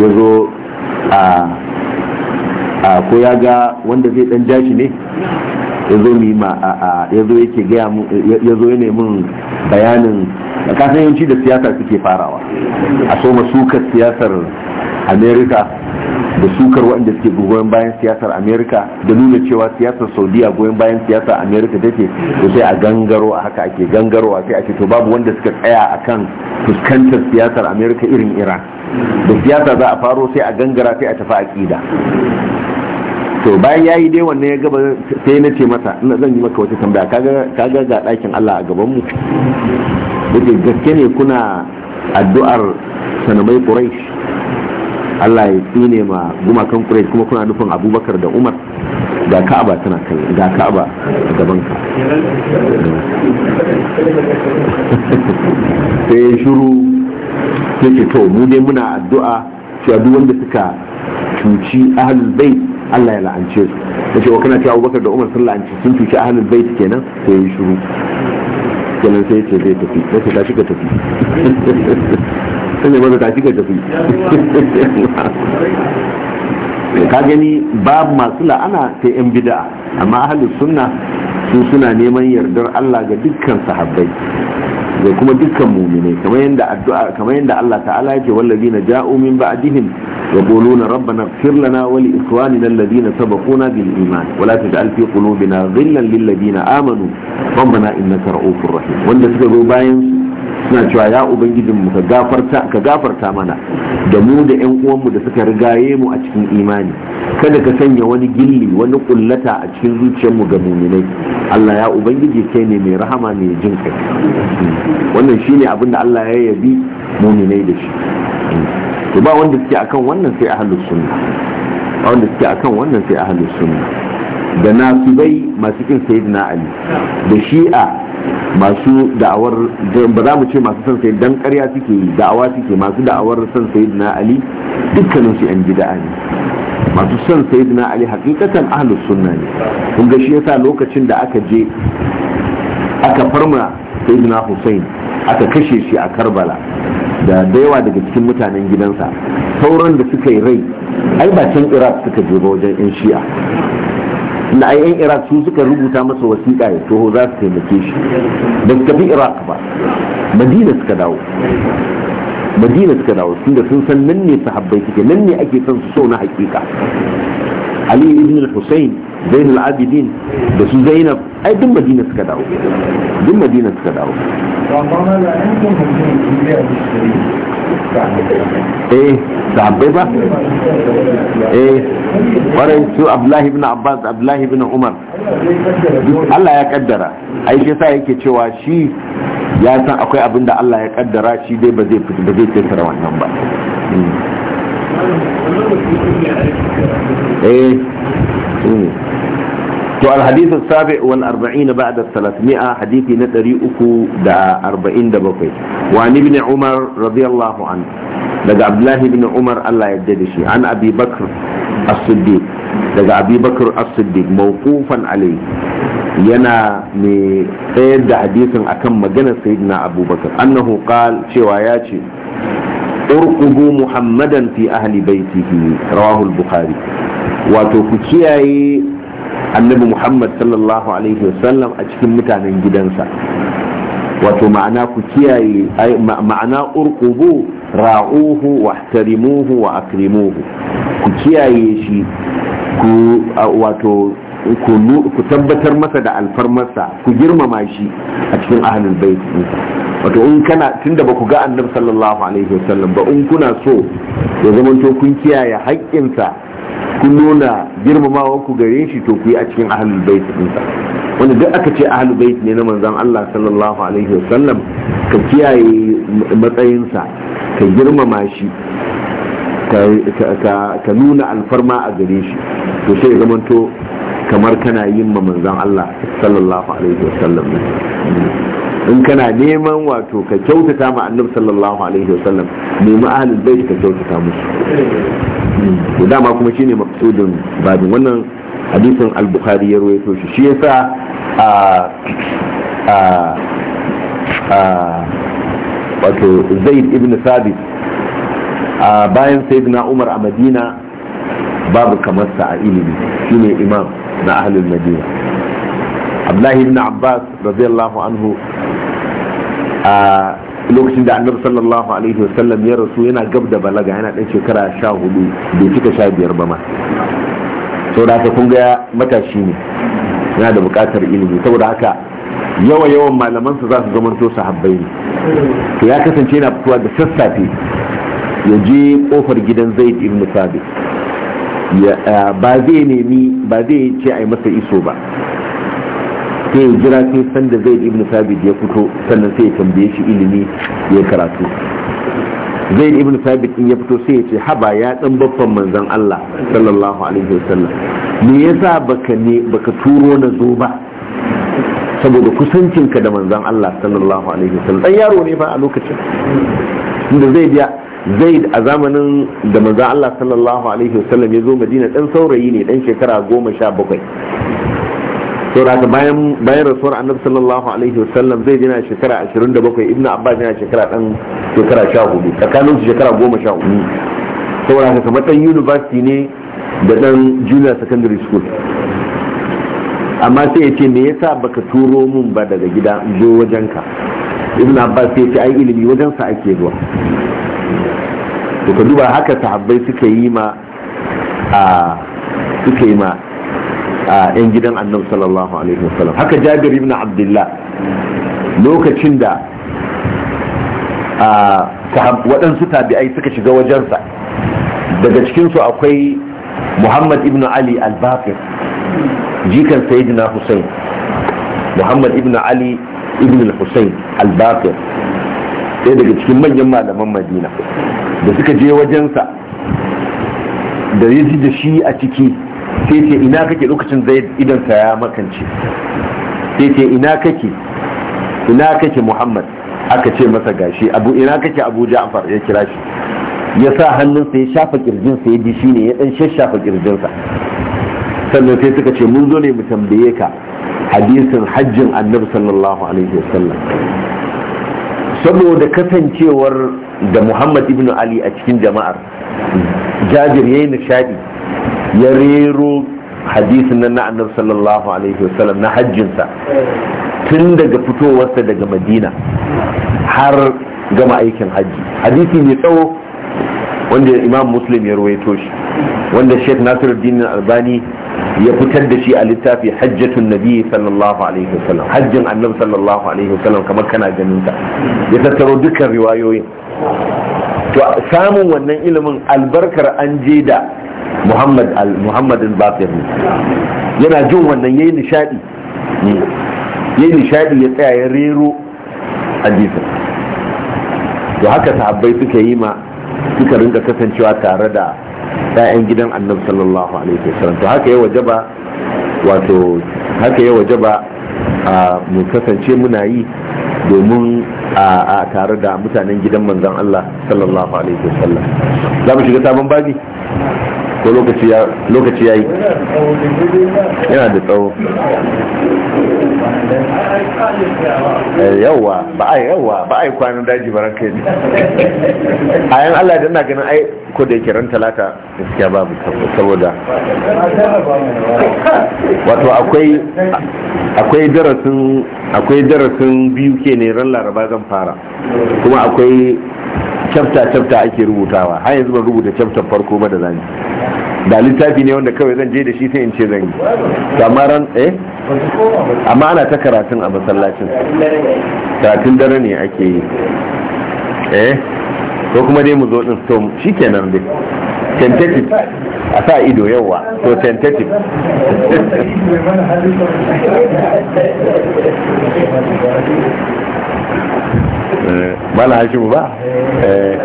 ya zo a ko ya ga wanda zai ɗan jashi ne ya zo ma ya zo yake gaya ya zo ya nemi bayanin kasan yawanci da siyasa suke farawa a soma sukar siyasar Amerika. da sukar wanda suke goyon bayan siyasar amerika da nuna cewa siyasar saudiya goyon bayan siyasar amerika take to sai a gangaro a haka ake a sai ake to babu wanda suka tsaya a kan fuskantar siyasar amerika irin iran da siyasa za a faro sai a gangara sai a tafi aƙida to bayan ya yi dai wannan ya gaba sai na ce masa ina zan yi maka wata tambaya kaga ga ɗakin allah a gaban mu da gaske ne kuna addu'ar sanamai quraish Allah ya ne ma gumakan Quraysh kuma kuna nufin Abubakar da Umar ga Ka'aba tana kai ga Ka'aba a gaban ka sai ya shiru yake to mu dai muna addu'a cewa duk wanda suka cuci ahlul bait Allah ya la'ance su kace wa kana cewa Abubakar da Umar sun la'anci sun cuci ahlul bait kenan sai shiru kenan sai ce zai tafi sai ta shiga tafi sanya masa tashi ka tafi ka gani babu masu la'ana ta yan bid'a amma ahalus sunna su suna neman yardar Allah ga dukkan sahabbai da kuma dukkan mu'minai kamar yadda addu'a kamar yadda Allah ta'ala yake na ja'u min ba'dihim yaquluna rabbana ighfir lana wa li ikhwanina alladhina sabaquna bil iman wa la taj'al fi qulubina ghillan lil ladina amanu rabbana innaka ra'ufur rahim wanda suka zo bayan su suna cewa ya ubangijinmu ka gafarta mana da mu da 'yan uwanmu da suka rigaye mu a cikin imani kada ka sanya wani gilli wani kullata a cikin zuciyarmu ga muminai Allah ya ubangiji kai ne mai rahama mai jin kai wannan shine abin da Allah ya yabi muminai da shi to ba wanda suke akan wannan sai ahlus sunna ba wanda suke akan wannan sai ahlus sunna da nasibai masu kin sayyidina ali da shi'a masu da'awar ba za mu ce masu son sai dan karya suke da'awa suke masu da'awar son sai na ali dukkanin su yan gida ne masu son sai na ali hakikatan ahlus sunna ne kun ga shi yasa lokacin da aka je aka farma sai na hussein aka kashe shi a karbala da dayawa daga cikin mutanen gidansa sauran da suka yi rai ai ba can iraq suka je ba wajen yan shi'a na ayyan iraq su suka rubuta masa wasiƙa ya toho za su taimake shi da suka fi iraq ba madina suka dawo madina suka dawo da sun san nan ne su sahabbai suke nan ne ake son su so na hakika ali ibn al-husayn zain al-abidin da su zainab ai duk madina suka dawo duk madina suka dawo eh sahabbai ba eh kwarai su abdullahi bin abbas abdullahi bin umar Allah ya kaddara ai shi sa yake cewa shi ya san akwai abin da Allah ya kaddara shi dai ba zai fita ba zai tsara wannan ba hmm. eh hmm. to alhadith sabi wal arba'in ba'da 300 hadithi na 347 wa an ibn umar radiyallahu an daga abdullah ibn umar Allah ya da shi an abi bakr as-siddiq daga abi bakr as-siddiq mawqufan alayhi yana mai tsayar da hadisin akan maganar sayyidina abubakar annahu qal cewa ya ce urqubu muhammadan fi ahli baitihi rawahu al-bukhari wato ku kiyaye annabi muhammad sallallahu alaihi wasallam a cikin mutanen gidansa wato ma'ana ku kiyaye ma'ana urqubu ra'uhu wahtarimuhu wa akrimuhu ku kiyaye shi ku wato ku tabbatar masa da alfarmarsa ku girmama shi a cikin ahlul bait wato in kana tunda ba ku ga annabi sallallahu alaihi wasallam ba in kuna so ya to kun kiyaye haƙƙinsa kun nuna girmamawa ku gare shi to ku yi a cikin ahlul bait ɗinsa wanda duk aka ce ahlul bait ne na manzon Allah sallallahu alaihi wasallam ka kiyaye matsayinsa ka girmama shi ka nuna alfarma a gare shi to sai ya zamanto kamar kana yin ma manzon Allah sallallahu alaihi wasallam in kana neman wato ka kyautata ma annabi sallallahu alaihi wasallam nemi ahlul bait ka kyautata musu to dama kuma shine maqsudun babin wannan hadisin al-bukhari ya rawaito shi shi yasa a a a wato zaid ibn sabit a bayan sayyidina umar a madina babu kamar sa a ilimi shine imam na ahlul madina abdullahi ibn abbas radiyallahu anhu a lokacin da annabi sallallahu alaihi wasallam ya rasu yana gab da balaga yana dan shekara sha hudu bai cika sha biyar ba ma saboda haka kun ga matashi ne yana da buƙatar ilimi saboda haka yawa yawan malamansa za su zamanto sahabbai ne to ya kasance yana fitowa da sassafe ya je kofar gidan zaid ibn sabit eh, ba zai nemi ba zai ce a yi masa iso ba sai ya jira sai sanda zai ibn sabit ya fito sannan sai ya tambaye shi ilimi ya karatu zai ibn sabit in ya fito sai ya ce haba ya dan babban manzon Allah sallallahu alaihi wasallam me yasa baka ne baka turo na zo ba saboda kusancinka da manzon Allah sallallahu alaihi wasallam dan yaro ne fa a lokacin inda zai biya zaid a zamanin da manzon Allah sallallahu alaihi wasallam ya zo Madina dan saurayi ne dan shekara goma sha bakwai saboda bayan bayan rasuwar annabi sallallahu alaihi wasallam zai jina shekara 27 ibnu abbas yana shekara dan shekara 14 tsakanin su shekara 14 saboda haka kamar dan university ne da dan junior secondary school amma sai ya ce me yasa baka turo mun ba daga gida zo wajenka ibnu abbas sai ya ce ai ilimi wajensa ake zuwa to ka duba haka sahabbai suka yi ma a suka yi ma yan gidan annan sallallahu alaihi wasallam haka jabir ibn abdullah lokacin da waɗansu tabi'ai suka shiga wajensa daga cikinsu akwai muhammad ibn ali al-baqir jikan sayyidina hussein muhammad ibn ali ibn hussein al-baqir ɗaya daga cikin manyan malaman madina da suka je wajensa da ya ji da shi a ciki sai ce ina kake lokacin zai idansa ya makance sai ce ina kake ina kake muhammad aka ce masa gashi abu ina kake abu ja'far ya kira shi ya sa hannunsa ya shafa kirjinsa ya shi ne ya dan shashafa kirjinsa sannan sai suka ce mun zo ne mu tambaye ka hadisin hajjin annabi sallallahu alaihi wasallam saboda kasancewar da muhammad ibn ali a cikin jama'ar jabir yayin nishadi ya rero hadisin nan na annabi sallallahu alaihi wasallam na hajjinsa tun daga fitowarsa daga madina har gama aikin hajji hadisi mai tsawo wanda imam muslim ya ruwaito shi wanda sheikh nasiruddin albani ya fitar da shi a littafi hajjatun nabi sallallahu alaihi wasallam hajjin annabi sallallahu alaihi wasallam kamar kana ganin ta ya tattaro dukkan riwayoyin to samun wannan ilimin albarkar an je da muhammad muhammadin bakir yana jin wannan yayi nishadi yayi nishadi ya tsaya ya rero hadisin to haka sahabbai suka yi ma suka rinka kasancewa tare da 'ya'yan gidan annabi sallallahu alaihi wasallam to haka ya wajaba wato haka ya wajaba mu kasance muna yi domin a tare da mutanen gidan manzan Allah sallallahu alaihi wasallam za mu shiga sabon babi ko lokaci ya yi yana da tsawo Eh, yawa ba a yawa ba a yi kwanan daji ba ranka yi a yan allah da na ganin ai ko da yake ran talata gaskiya babu saboda wato akwai akwai darasin akwai darasin biyu ke ne ran laraba zan fara kuma akwai chapter chapter ake rubutawa har yanzu ban rubuta chapter farko ba da zani da littafi ne wanda kawai zan je da shi sai in ce zan yi amma ran eh amma ana ta karatun a masallacin karatun dare ne ake yi eh ko kuma dai mu zo din to shikenan dai tentative a sa ido yawa to tentative eh, mana hashimu ba eh.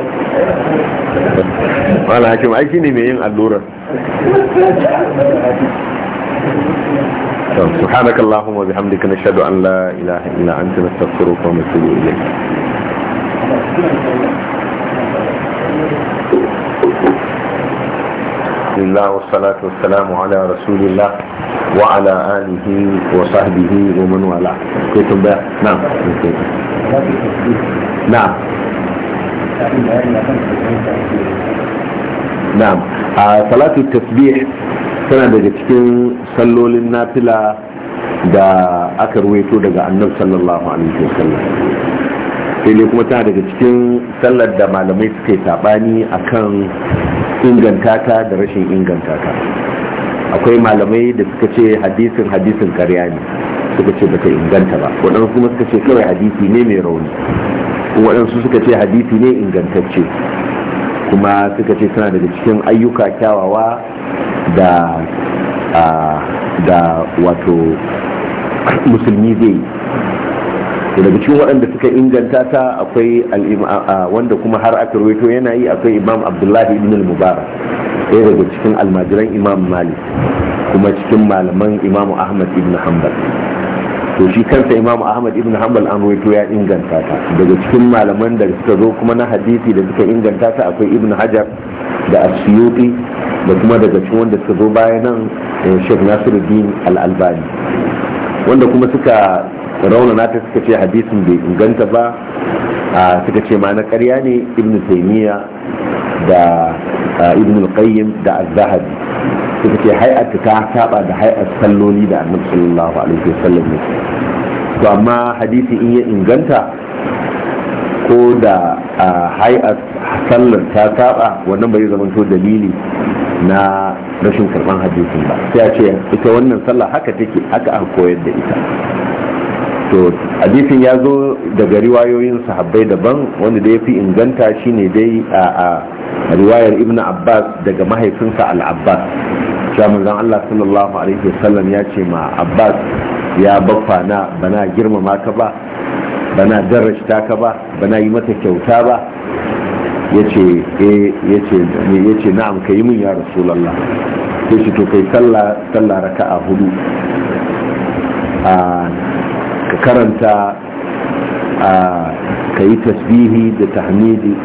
wala hakim aiki ne mai yin allurar سبحانك اللهم وبحمدك نشهد أن لا إله إلا أنت نستغفرك ونتوب إليك بسم الله والصلاة والسلام على رسول الله وعلى آله وصحبه ومن والاه كنتم نعم نعم na'am a salatu tasbih tana daga cikin sallolin nafila da aka ruwaito daga annabi sallallahu alaihi wasallam sai dai kuma tana daga cikin sallar da malamai suka yi sabani akan inganta ta da rashin inganta ta akwai malamai da suka ce hadisin hadisin karya ne suka ce bata inganta ba waɗansu kuma suka ce kawai hadisi ne mai rauni waɗansu suka ce hadisi ne ingantacce kuma suka ce suna daga cikin ayyuka kyawawa da da wato musulmi zai yi daga cikin waɗanda suka inganta ta akwai wanda kuma har aka rawaito yana yi akwai imam abdullahi ibn al-mubarak ɗaya daga cikin almajiran imam malik kuma cikin malaman imam ahmad ibn hanbal to shi kansa imam ahmad ibn hanbal an ruwaito ya inganta ta daga cikin malaman da suka zo kuma na hadisi da suka inganta ta akwai ibn hajar da asyuti da kuma daga cikin wanda suka zo bayan nan eh, shek nasiruddin al-albani wanda kuma suka rauna nata suka ce hadisin bai inganta ba suka ce ma na karya ne ibn taymiya da ibn al da az-zahabi suka ce hay'atu ta saba da hay'ar salloli da annabi sallallahu alaihi wasallam ne to amma hadisi in ya inganta ko da hay'ar sallar ta saba wannan bai zama to dalili na rashin karban hadisin ba sai a ce ita wannan sallah haka take haka aka koyar da ita to hadisin ya zo daga riwayoyin sahabbai daban wanda da ya fi inganta shine dai a riwayar ibn abbas daga mahaifinsa al-abbas cewa manzon Allah sallallahu alaihi wasallam ya ce ma Abbas ya baffa na bana girmama ka ba bana ta ka ba bana yi mata kyauta ba yace eh yace yace na'am kai mun ya rasulullah sai shi to kai sallah sallah raka'a hudu a ka karanta a kai tasbihi da tahmidi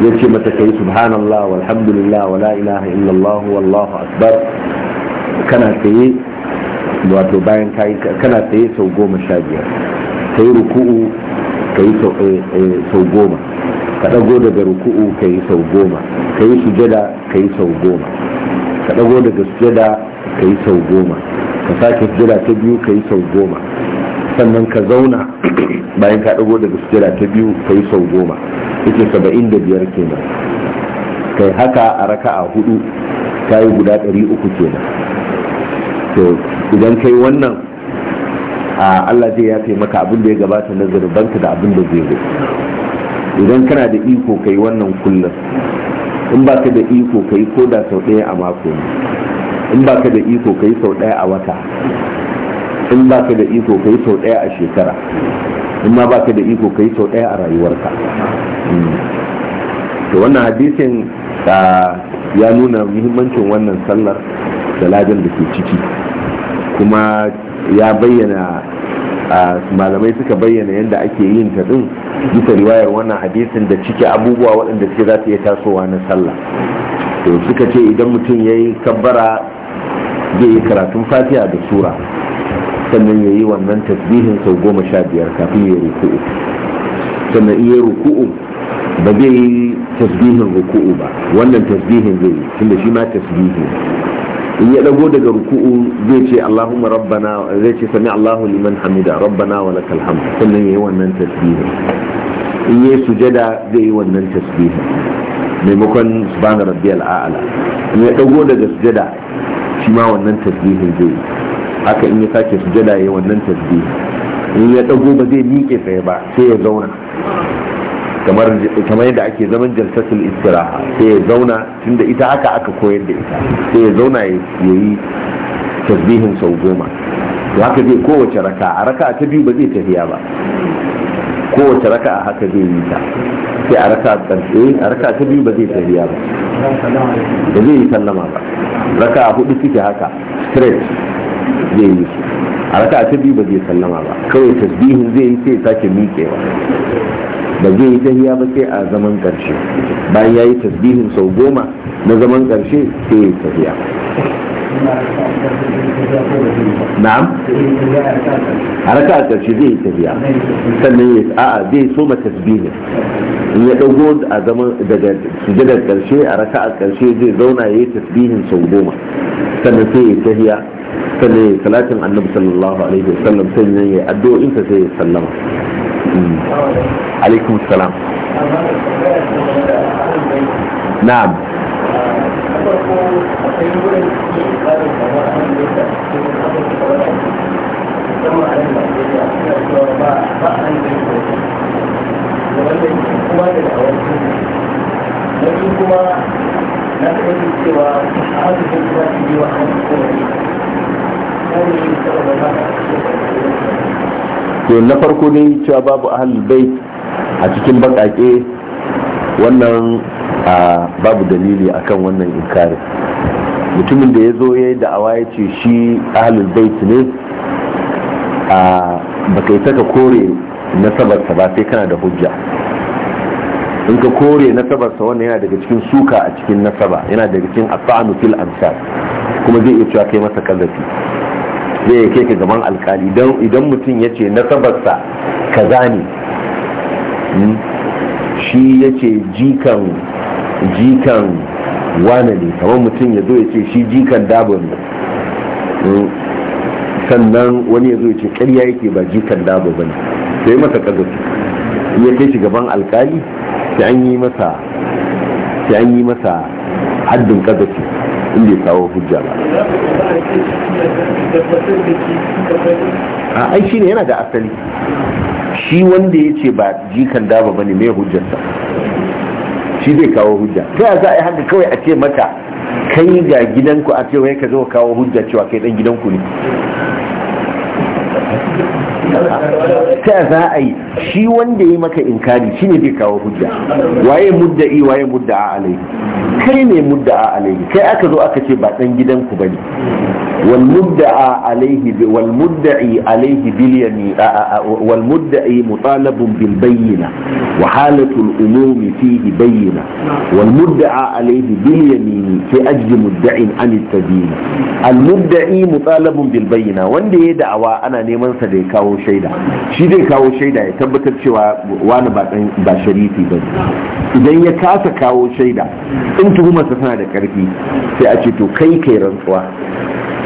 ya ce mata yi subhanallah walhamdulillah wala ilaha illallah wallahu akbar kana tsaye wato bayan kayi kana tsaye sau goma sha biyar ka yi ruku'u ka yi eh, eh, sau goma ka ɗago daga ruku'u ka yi sau goma ka yi sujada ka yi sau goma ka ɗago daga sujada ka yi sau goma ka sake sujada ta biyu ka yi sau goma sannan ka zauna bayan ka ɗago daga sujada ta biyu ka yi sau goma yake saba'in da biyar kenan kai haka a raka a hudu ta yi guda ɗari uku kenan to idan kai wannan a Allah zai fi maka abin da ya gabata na zarbanka da abin da zai zo idan kana da iko kai wannan kullum in ba ka da iko kai ko da sau ɗaya a mako ne in ba ka da iko kai sau ɗaya a wata in ba ka da iko kai sau ɗaya a shekara in ma ba ka da iko kai sau ɗaya a rayuwarka to wannan hadisin ya nuna muhimmancin wannan sallar da lajin da ke ciki kuma ya bayyana malamai suka bayyana yadda ake yin ta din duka riwayar wannan hadisin da ciki abubuwa waɗanda suke za su iya tasowa na sallah to suka ce idan mutum ya yi kabbara zai yi karatun fatiha da sura sannan ya yi wannan tasbihin sau goma sha biyar kafin ya ruku'u sannan iya ruku'u ba zai yi tasbihin ruku'u ba wannan tasbihin zai yi tunda shi ma tasbihi in ya dago daga ruku'u zai ce Allahumma rabbana zai ce sami Allahu liman hamida rabbana wa lakal hamd sannan yayi wannan tasbihin in yayi sujada zai yi wannan tasbihin maimakon subhana rabbiyal a'la in ya dago daga sujada shi ma wannan tasbihin zai yi haka in ya sake sujada yayi wannan tasbihin in ya dago ba zai miƙe tsaye ba sai ya zauna kamar yadda ake zaman jalsatul istiraha sai ya zauna tunda ita haka aka koyar da ita sai ya zauna ya yi tasbihin sau goma to haka zai kowace raka a raka ta biyu ba zai tafiya ba kowace raka a haka zai yi ta sai a raka karshe a raka ta biyu ba zai tafiya ba ba zai yi sallama ba raka a hudu suke haka straight zai yi su a raka ta biyu ba zai sallama ba kawai tasbihin zai yi sai ya sake miƙewa ba zai yi tahiya ba sai a zaman karshe bayan ya yi tasbihin sau goma na zaman karshe sai ya yi tahiya na'am haraka a karshe zai yi tafiya sannan ya a'a zai soma tasbihi in ya dago a zaman daga sujadar karshe a raka a karshe zai zauna ya yi tasbihin sau goma sannan sai ya tafiya sannan ya salatin annabi sallallahu alaihi wasallam sannan ya addu'o'insa sai ya sallama Hmm. alaikum salam na'am kuma na cewa to na farko ne cewa babu ahlul bai a cikin bakake wannan babu dalili akan wannan inkari mutumin da ya zo ya yi da'awa ya ce shi ahlul bait ne a baka isa ka kore nasabarsa ba sai kana da hujja in ka kore nasabarsa wannan yana daga cikin suka a cikin nasaba yana daga cikin asa'anu fil amsal kuma zai iya cewa kai masa kazafi zai yake ka gaban alkali idan mutum ya ce nasabarsa kaza ne hmm? shi ya ce jikan wane ne kamar mutum ya zo ya ce shi jikan dabo ne hmm? sannan wani ya zo ya ce karya yake ba jikan dabo ba ne sai masa kagasu ya kai shi gaban alkali sai an yi masa sai an yi masa haddin inda ya kawo hujja ba a ai shine yana da asali shi wanda ya ce ba jikan daba ba ne mai hujjarsa shi zai kawo hujja ta za a yi haka kawai a ce mata kai ga gidanku a ce wai ka zo kawo hujja cewa kai dan gidanku ne ta za a yi shi wanda ya maka inkari shi ne zai kawo hujja waye mudda i, waye a alaihi kai ne a alaihi kai aka zo aka ce ba dan gidanku ba ne. والمدعى عليه والمدعي عليه باليمين والمدعي مطالب بالبينة وحالة الأمور فيه بينة والمدعى عليه باليمين في أجل مدع عن التدين المدعي مطالب بالبينة wanda ya da'awa ana neman sa da ya kawo shaida shi zai kawo shaida ya tabbatar cewa wani ba sharifi ba idan ya kasa kawo shaida in tuhumarsa tana da karfi sai a ce to kai kai rantsuwa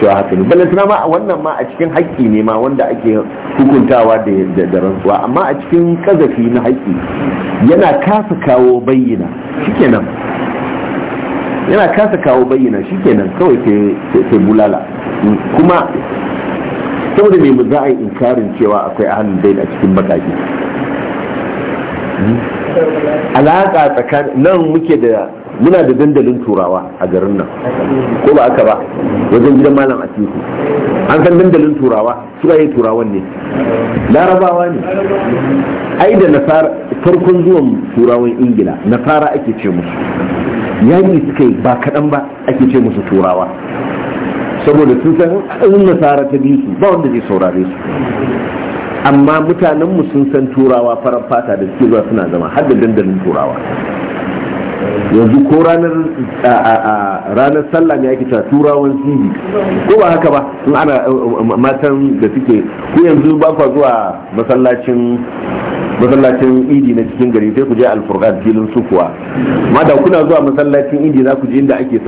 cewa haka ne suna ma wannan ma a cikin haƙƙi ne ma wanda ake hukuntawa da rantsuwa amma a cikin kazafi na haƙƙi yana kasa kawo bayyana shikenan yana kasa kawo bayyana shikenan kawai sai bulala kuma saboda me za a yi inkarin cewa akwai ahalin dai a cikin bakaki hmm? alaƙa tsakanin nan muke da muna da dandalin turawa a garin nan ko ba aka ba wajen gidan malam atiku an san dandalin turawa su yi turawan ne larabawa ne ai da nasara farkon zuwan turawan ingila nasara ake ce musu yaƙi suka yi ba kaɗan ba ake ce musu turawa saboda sun san in nasara ta bi su ba wanda zai saurare su amma mutanenmu sun san turawa farar fata da suke zuwa suna zama har da dandalin turawa yanzu ko ranar ranar sallah ne ake cewa turawan sinji ko ba haka ba in ana matan da suke ku yanzu ba kwa zuwa masallacin masallacin idi na cikin gari sai ku je alfurqan filin sukuwa amma da kuna zuwa masallacin idi za ku je inda ake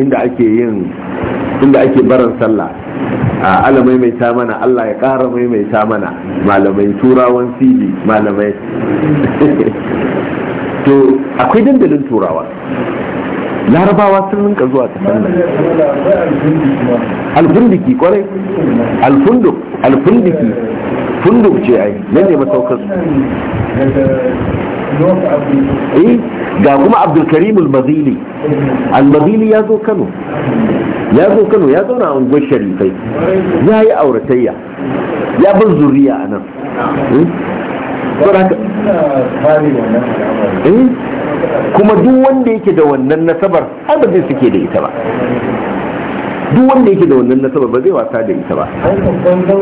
inda ake yin inda ake baran sallah a mai maimaita mana Allah ya ƙara maimaita mana malamai turawan sidi malamai to akwai dandalin turawa larabawa sun rinka zuwa ta sannan alfunduki kwarai alfunduk alfunduki funduk ce ai nan ne masaukar su eh ga kuma abdulkarim al-mazili al-mazili ya zo kano ya zo kano ya zauna a unguwar sharifai ya yi auratayya ya bar zuriya a nan eh, Eh? kuma duk wanda yake da wannan nasabar ai ba zai suke da ita ba duk wanda yake da wannan nasabar ba zai wasa da ita ba ai daure ba da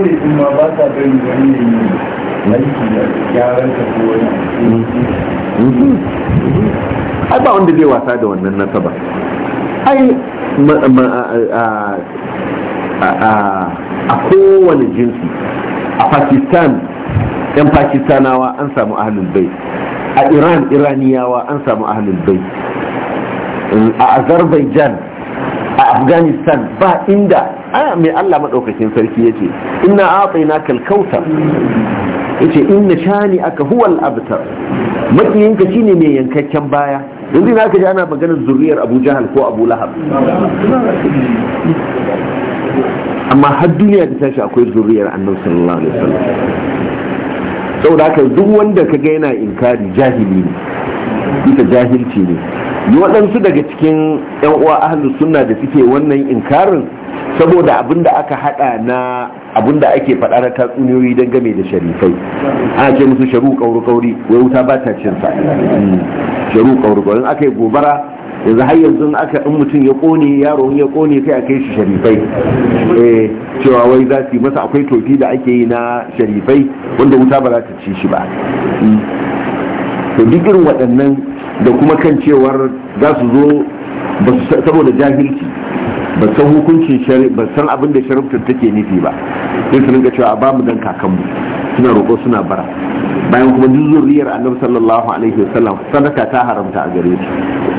mhm. ai ba wanda zai wasa da wannan nasabar ai a kowane jinsi a pakistan yan pakistanawa an samu ahlul bai a iran iraniyawa an samu ahlul bai a azerbaijan a afghanistan ba inda aya mai allah maɗaukakin sarki ya ce ina atsai na kalkauta ya ce ina shani aka huwal abtar makiyinka ne mai yankakken baya yanzu na ka ji ana maganar zuriyar abu jahal ko abu lahab amma har duniya ta tashi akwai zuriyar annabi sallallahu alaihi wasallam saboda haka duk wanda ka ga yana inkari jahili ne ita jahilci ne waɗansu daga cikin 'yan uwa ahlus sunna da suke wannan inkarin saboda abin da aka haɗa na abin da ake faɗa na tatsuniyoyi don game da sharifai ana ce musu sharu kauri kauri wai wuta ba ta cin hmm. sharu kauri kauri aka yi gobara yanzu har yanzu aka in mutum ya kone yaro ya kone sai a kai shi sharifai eh cewa wai za su yi masa akwai tofi da ake yi na sharifai wanda wuta ba za ta ci shi ba hmm. to dukkan waɗannan da kuma kan cewar za su zo saboda jahilci ba san hukuncin ba san abin da shariftar take nufi ba sai su rinka cewa ba mu dan kakanmu suna roƙo suna bara bayan kuma duk zuriyar annabi sallallahu alaihi wasallam sadaka ta haramta a gare shi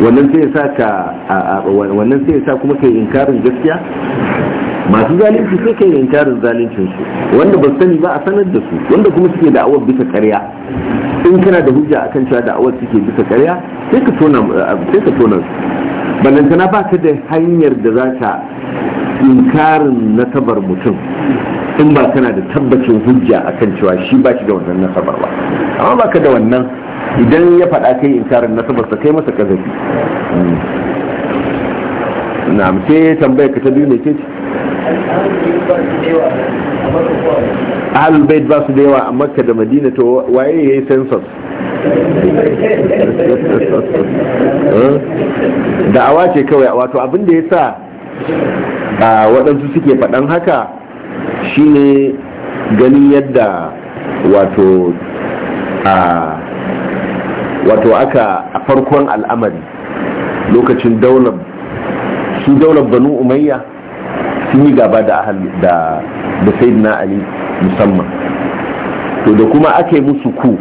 wannan sai ya sa ka wannan sai ya sa kuma kai inkarin gaskiya masu zalunci sai kai inkarin zaluncin su wanda ba sani ba a sanar da su wanda kuma suke da awar bisa ƙarya in kana da hujja akan cewa da awar suke bisa ƙarya sai ka tona sai ka tona su balantana ba ka da hanyar da za ka inkarin nasabar mutum in ba kana da tabbacin hujja akan cewa shi ba shi da wannan nasabar ba amma ba ka da wannan idan ya faɗa kai inkarin sa kai masa kazafi na ce tambaya ka ta biyu ne ce albayt ba su da yawa a makka da madina to waye ya yi da awa ce kawai wato abin da ya sa a waɗansu suke faɗan haka shine ganin yadda wato a wato aka a farkon al'amari lokacin daular su daular banu umayya sun yi gaba da da da sayyidina ali musamman to da kuma aka yi musu ku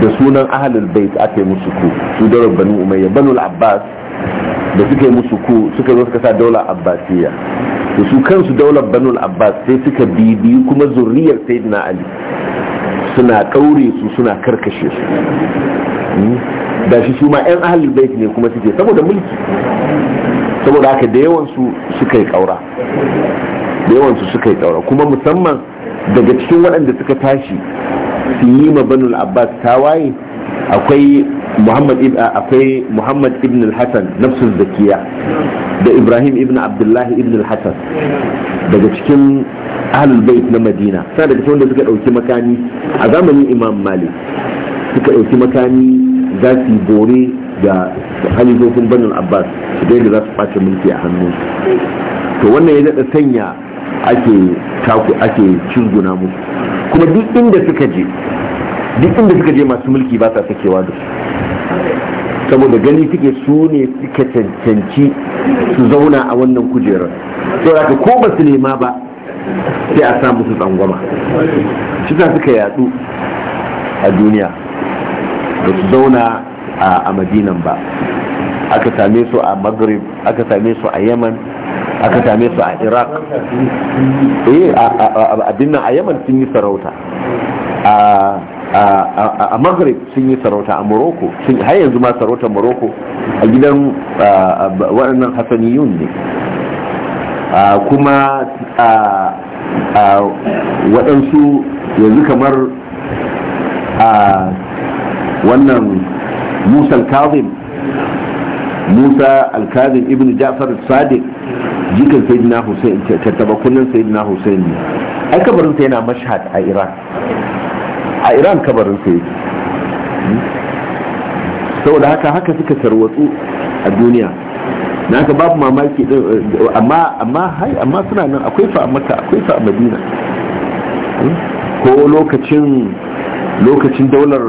da sunan ahalul bait aka yi musu ku su daular banu umayya banu abbas da suka yi musu ku suka zo suka sa daular abbasiyya to su kansu daular banu abbas sai suka bibi kuma zuriyar sayyidina ali suna ɗaure su suna karkashe su hmm? da shi su ma 'yan ahalin bait ne kuma suke saboda mulki saboda haka da yawansu suka yi ƙaura da yawansu suka yi ƙaura kuma musamman daga cikin waɗanda suka tashi su yi ma banul abbas tawaye akwai muhammad ibn akwai muhammad ibn al-hasan nafsu zakiya da ibrahim ibn abdullahi ibn al-hasan daga cikin ahlul bait na madina sai daga wanda suka dauki makami a zamanin imam malik suka dauki makami za su bore da halifofin banin abbas da yadda za su ɓace mulki a hannu to wannan ya daɗa sanya ake taku ake cinguna musu kuma duk inda suka je duk inda suka je masu mulki ba sa sakewa da saboda gani suke su ne suka cancanci su zauna a wannan kujerar saboda ko ba su nema ba sai a samu su tsangwama shi ta suka yadu a duniya da su zauna a madinan ba aka same su a maghrib aka same su a yaman aka same su a iraq eh dinnan a yaman sun yi sarauta a maghrib sun yi sarauta a morocco har yanzu ma sarautar morocco a gidan waɗannan hassaniyun ne kuma waɗansu yanzu kamar wannan musa al-kazim musa al-kazim ibn ja'far sadiq jikin sayyidina hussein tattaba kullun sayyidina hussein ne ai kabarin sa yana mashhad a iran a iran kabarin sa yake hmm? saboda haka haka suka tarwatsu a duniya na ka babu mamaki din eh, amma amma hai amma suna nan akwai fa a maka akwai fa a madina hmm? ko lokacin lokacin daular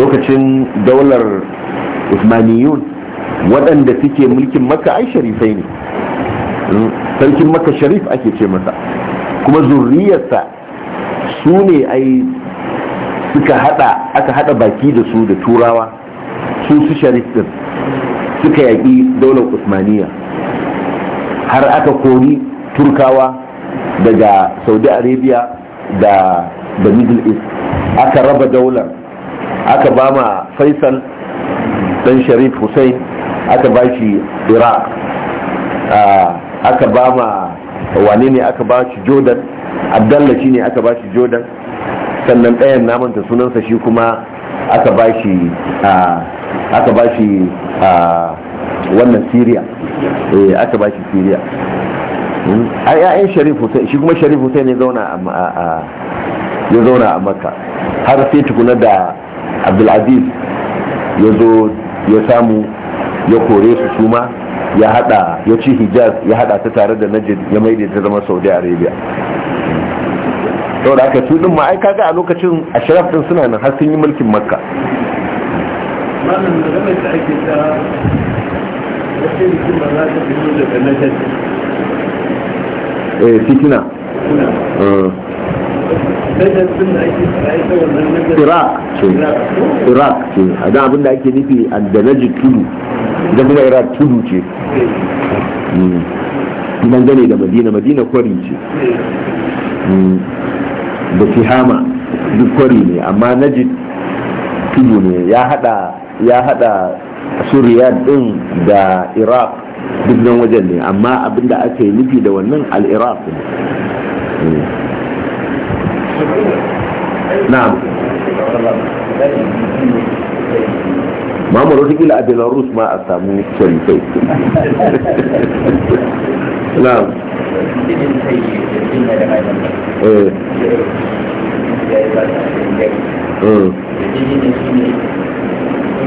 lokacin daular usmaniyun waɗanda suke mulkin maka ai sharifai ne hmm? sarkin maka sharif ake ce masa kuma zurriyarsa su ne ai suka hada aka hada baki da su da turawa su su sharif din suka yaƙi daular usmaniya har aka kori turkawa daga saudi arabia da da middle east aka raba daular aka ba ma faisal dan sharif hussein aka ba shi iraq aka ba ma wane ne aka ba shi jordan abdalla shi ne aka ba shi jordan sannan ɗayan namanta sunansa shi kuma aka ba shi aka ba shi a wannan syria eh, aka ba shi syria hmm? ai ya'yan sharif hussein shi kuma sharif hussein ya zauna a makka har sai tukuna da abdulaziz ya zo ya samu ya kore su suma ya hada ya ci hijaz ya hada ta tare da najid ya maida ta zama saudi arabia saboda aka su din ma ai kaga a lokacin ashraf din suna nan har sun yi mulkin makka malam da da ake fitina iraq ce iraq ce a da abin ake nufi a da tudu da iraq tudu ce mm. gane da madina madina kwari ce mm. da duk kwari ne amma najid tudu ne ya hada ya hada su riyad din da iraq duk nan wajen ne amma abinda ake nufi da wannan al-iraq ne hmm. na'am mamar watakila a belarus ma a samu sharifai na'am eh hmm. in har da ya sani a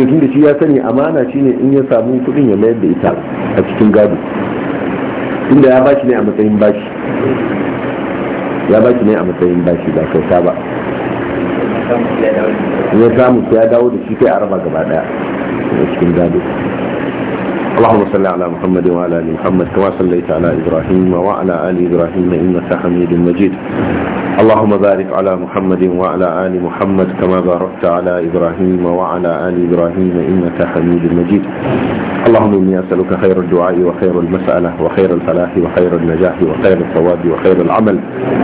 shi ya amana in ya samu kudin ya mayar da ita a cikin gado inda ya bashi ne a matsayin bashi ya bashi ne a matsayin bashi ba kai ba ya samu ya dawo da shi kai a raba gaba daya cikin gado اللهم صل على محمد وعلى ال محمد كما صليت على ابراهيم وعلى ال ابراهيم انك حميد مجيد اللهم بارك على محمد وعلى آل محمد كما باركت على إبراهيم وعلى آل إبراهيم إنك حميد مجيد اللهم إني أسألك خير الدعاء وخير المسألة وخير الفلاح وخير النجاح وخير الثواب وخير العمل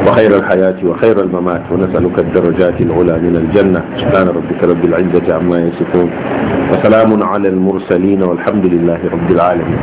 وخير الحياة وخير الممات ونسألك الدرجات العلى من الجنة سبحان ربك رب العزة عما يصفون وسلام على المرسلين والحمد لله رب العالمين